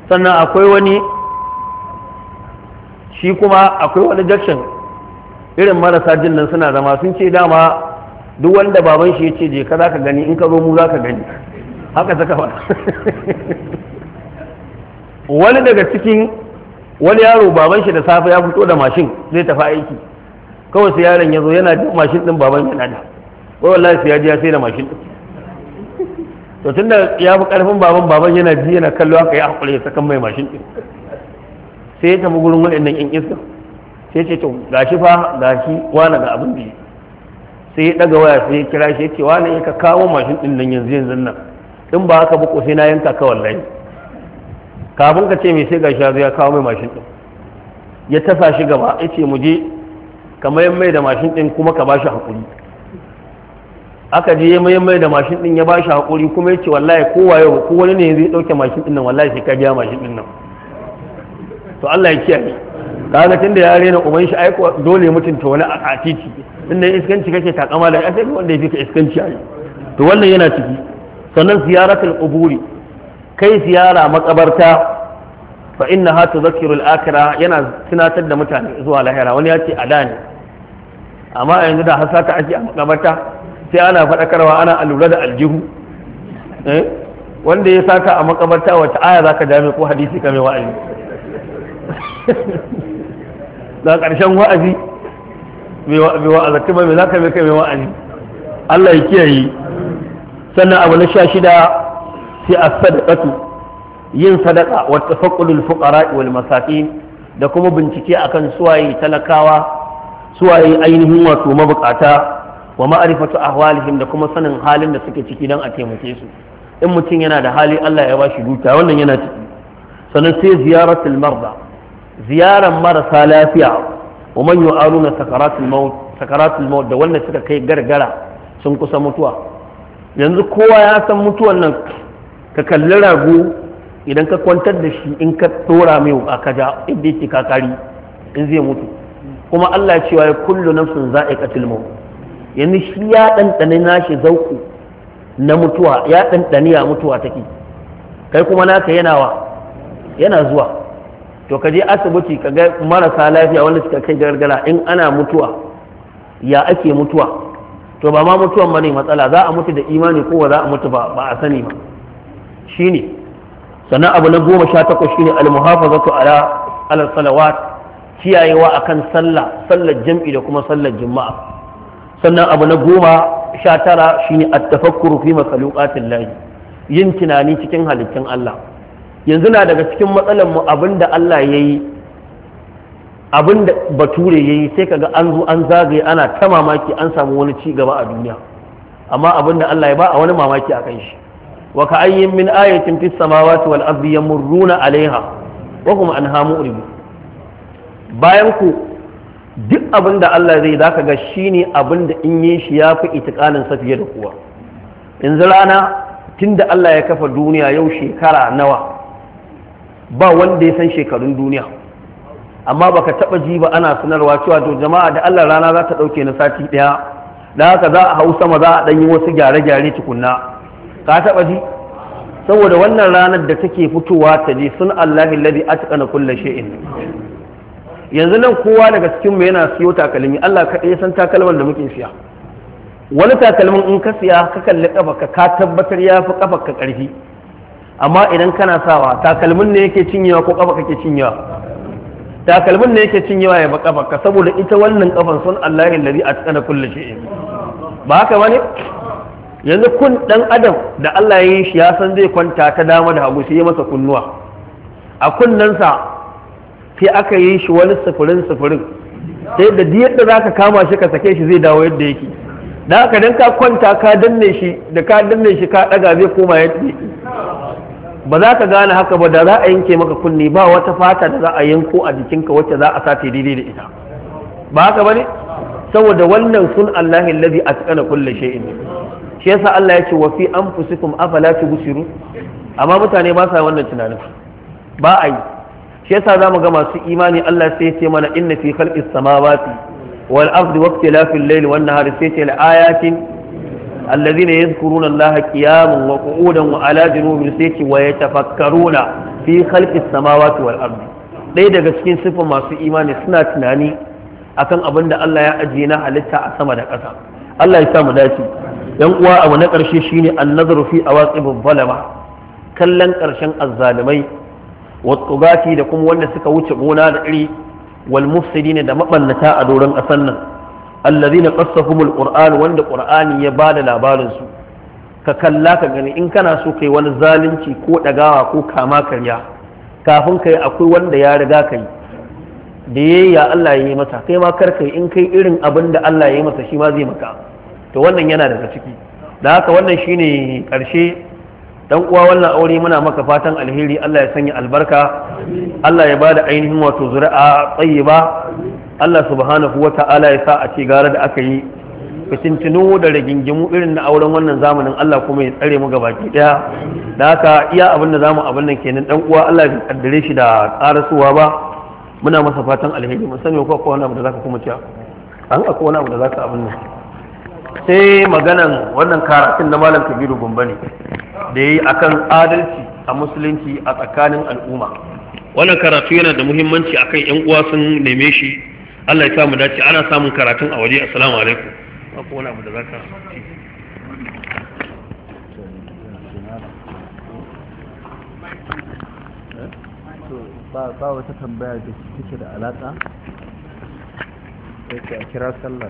A: sannan akwai wani shi kuma akwai wani jakshin irin marasa jin nan suna zama sun ce dama duk wanda baban shi ya ce je ka za ka gani in ka zo mu za ka gani haka ta kafa wani daga cikin wani yaro baban shi da safe ya fito da mashin zai tafi aiki kawai sai yaron ya zo yana da mashin din baban yana da ko wallahi sai ya ji ya sai da mashin din to tunda ya fi karfin baban baban yana ji yana kallo aka yi hakuri ya sakan mai mashin din sai ya tafi gurin wadannan yan iska sai ce to gashi fa gashi wani ga abin da ya sai ya daga waya sai ya kira shi ya ce wani ya ka kawo mashin din nan yanzu yanzu nan in ba haka ba ko sai na yanka ka wallahi kafin ka ce me sai gashi ya zo ya kawo mai mashin din ya tasa shi gaba ya ce mu je ka mayan mai da mashin ɗin kuma ka bashi hakuri. aka je ya mayan mai da mashin ɗin ya bashi hakuri kuma ya ce wallahi kowa yau ko wani ne zai ɗauke mashin ɗin nan wallahi sai ka biya mashin ɗin nan to Allah ya kiyaye kaga tun da ya rena uban shi aiko dole mutunta wani a titi inda iskanci kake takama da asali wanda ya fi ka iskanci ayi to wannan yana ciki sannan ziyaratul quburi kai ziyara makabarta fa inna ha tuzakkiru al-akhirah yana tunatar da mutane zuwa lahira wani ya ce a da ne amma a yanzu da hasata ake a makamata sai ana faɗakarwa ana alura da aljihu eh? wanda ya sata a makabarta wata aya za ka jami ko hadisi ka mai wa'azi da ƙarshen wa'azi mai wa'azi ba mai za ka mai kai mai wa'azi Allah ya kiyaye sannan abu na sha shida sai a sadakatu yin sadaka wata faƙulul fuƙara wal masaƙi da kuma bincike akan suwaye talakawa suwaye ainihin wato mabukata wa ma'arifatu ahwalihim da kuma sanin halin da suke ciki dan a taimake su in mutum yana da hali Allah ya bashi duta wannan yana ciki sannan sai ziyaratul marda ziyaran marasa lafiya wa man yu'aruna sakaratul maut sakaratul da wanda suka kai gargara sun kusa mutuwa yanzu kowa ya san mutuwan nan ka kalli rago idan ka kwantar da shi in ka tora mai a kaja inda yake kakari in zai mutu kuma Allah cewa ya kullu nafsin za'iqatul maut yanzu shi ya dandane nashi zauku na mutuwa ya dandane ya mutuwa take kai kuma naka yana wa yana zuwa to ka je asibiti ka ga marasa lafiya wanda suka kai gargara in ana mutuwa ya ake mutuwa to ba ma mutuwan bane matsala za a mutu da imani ko za a mutu ba ba a sani ba shine sannan abu na goma sha takwas shine al-muhafazatu ala al-salawat kiyayewa kan sallah sallar jam'i da kuma sallar juma'a sannan abu na goma sha tara shi ne a tafakkur fi makhluqatin lahi yin tunani cikin halittun Allah yanzu na daga cikin matsalar mu abinda Allah ya yi, abinda bature ya yi, sai kaga an zo an zagaye ana ta mamaki an samu wani ci gaba a duniya amma abinda Allah ya ba a wani mamaki a kan shi wa ka ayyin min ayatin fis samawati wal ardi yamurruna alaiha wa hum anha mu'ribun bayan ku duk abin da Allah zai za ka ga shi ne abin da in yi shi ya fi itikanin fiye da kuwa yanzu rana tun da Allah ya kafa duniya yau shekara nawa ba wanda ya san shekarun duniya amma ba ka taɓa ji ba ana sanarwa cewa to jama'a da Allah rana za ta dauke na sati ɗaya da haka za a hau sama za a dan yi wasu gyare-gyare tukunna ka taɓa ji saboda wannan ranar da take fitowa ta ji sun Allah alladhi na kulle shay'in yanzu nan kowa daga cikin mu yana siyo takalmi Allah ka kaɗai san takalman da muke siya wani takalmin in ka siya ka kalli ƙafarka ka tabbatar ya fi ƙafarka ƙarfi amma idan kana sawa takalmin ne yake cinyewa ko kafa kake cinyewa takalmin ne yake cinyewa ya ba ƙafarka? saboda ita wannan kafan sun Allah ya lari a tsana kullu shi'in ba haka bane yanzu kun dan adam da Allah ya yi shi ya san zai kwanta ta dama da hagu sai ya masa kunnuwa a kunnansa sai aka yi shi wani sufurin sufurin sai da diyar da zaka kama shi ka sake shi zai dawo yadda yake da aka dan ka kwanta ka danne shi da ka danne shi ka daga zai koma yadda yake ba za ka gane haka ba da za a yanke maka kunni ba wata fata da za a yanko a jikinka wacce za a sace daidai da ita ba haka ne? saboda wannan sun Allahi allazi atqana kulli shay'in shi yasa Allah ya ce wa fi anfusikum afala gusiru? amma mutane ba sa wannan tunanin ba a yi shi yasa zamu ga masu imani Allah sai ya ce mana inna fi khalqis samawati wal ardi waqtilafil layli wan nahari sai ce ayatin الذين يذكرون الله قياما وقعودا وعلى جنوبهم سيتي ويتفكرون في خلق السماوات والارض ɗaya daga cikin sifin masu imani suna tunani akan abin da Allah ya ajiye na halitta a sama da ƙasa Allah ya sa mu dace yan uwa abu na ƙarshe shine annazaru fi awaqibul zalama kallon ƙarshen azzalumai wattugati da kuma wanda suka wuce gona da iri wal ne da mabannata a doron ƙasar nan allazina qassahumul qur'an wanda qur'ani ya ba labarin su ka kalla ka gani in kana so kai wani zalunci ko ɗagawa ko kama karya kafin kai akwai wanda ya riga kai da yayi ya Allah ya yi masa kai ma kar kai in kai irin abin da Allah ya yi masa shi ma zai maka to wannan yana daga ciki da haka wannan shine karshe dan uwa wannan aure muna maka fatan alheri Allah ya sanya albarka Allah ya bada ainihin wato zuri'a tsayyiba Allah subhanahu wata'ala ya sa a ce gara da aka yi fitintinu da rigingimu irin na auren wannan zamanin Allah kuma ya tsare mu gabaki daya da haka iya abin da zamu abin nan kenan dan uwa Allah ya kaddare shi da karasuwa ba muna masa fatan alheri mun sani ko akwai wani abu da zaka kuma cewa an akwai wani abu da zaka abin nan sai maganan wannan karatun na malam kabiru gumba ne, da ya yi a kan adalci a musulunci a tsakanin al'umma wannan karatu yana da muhimmanci akan yan uwa sun neme shi Allah ya samu dace ana samun karatun a waje assalamu alaikum ko wani abu da ba wata tambaya da take da alaka sai a kira
B: Sallah.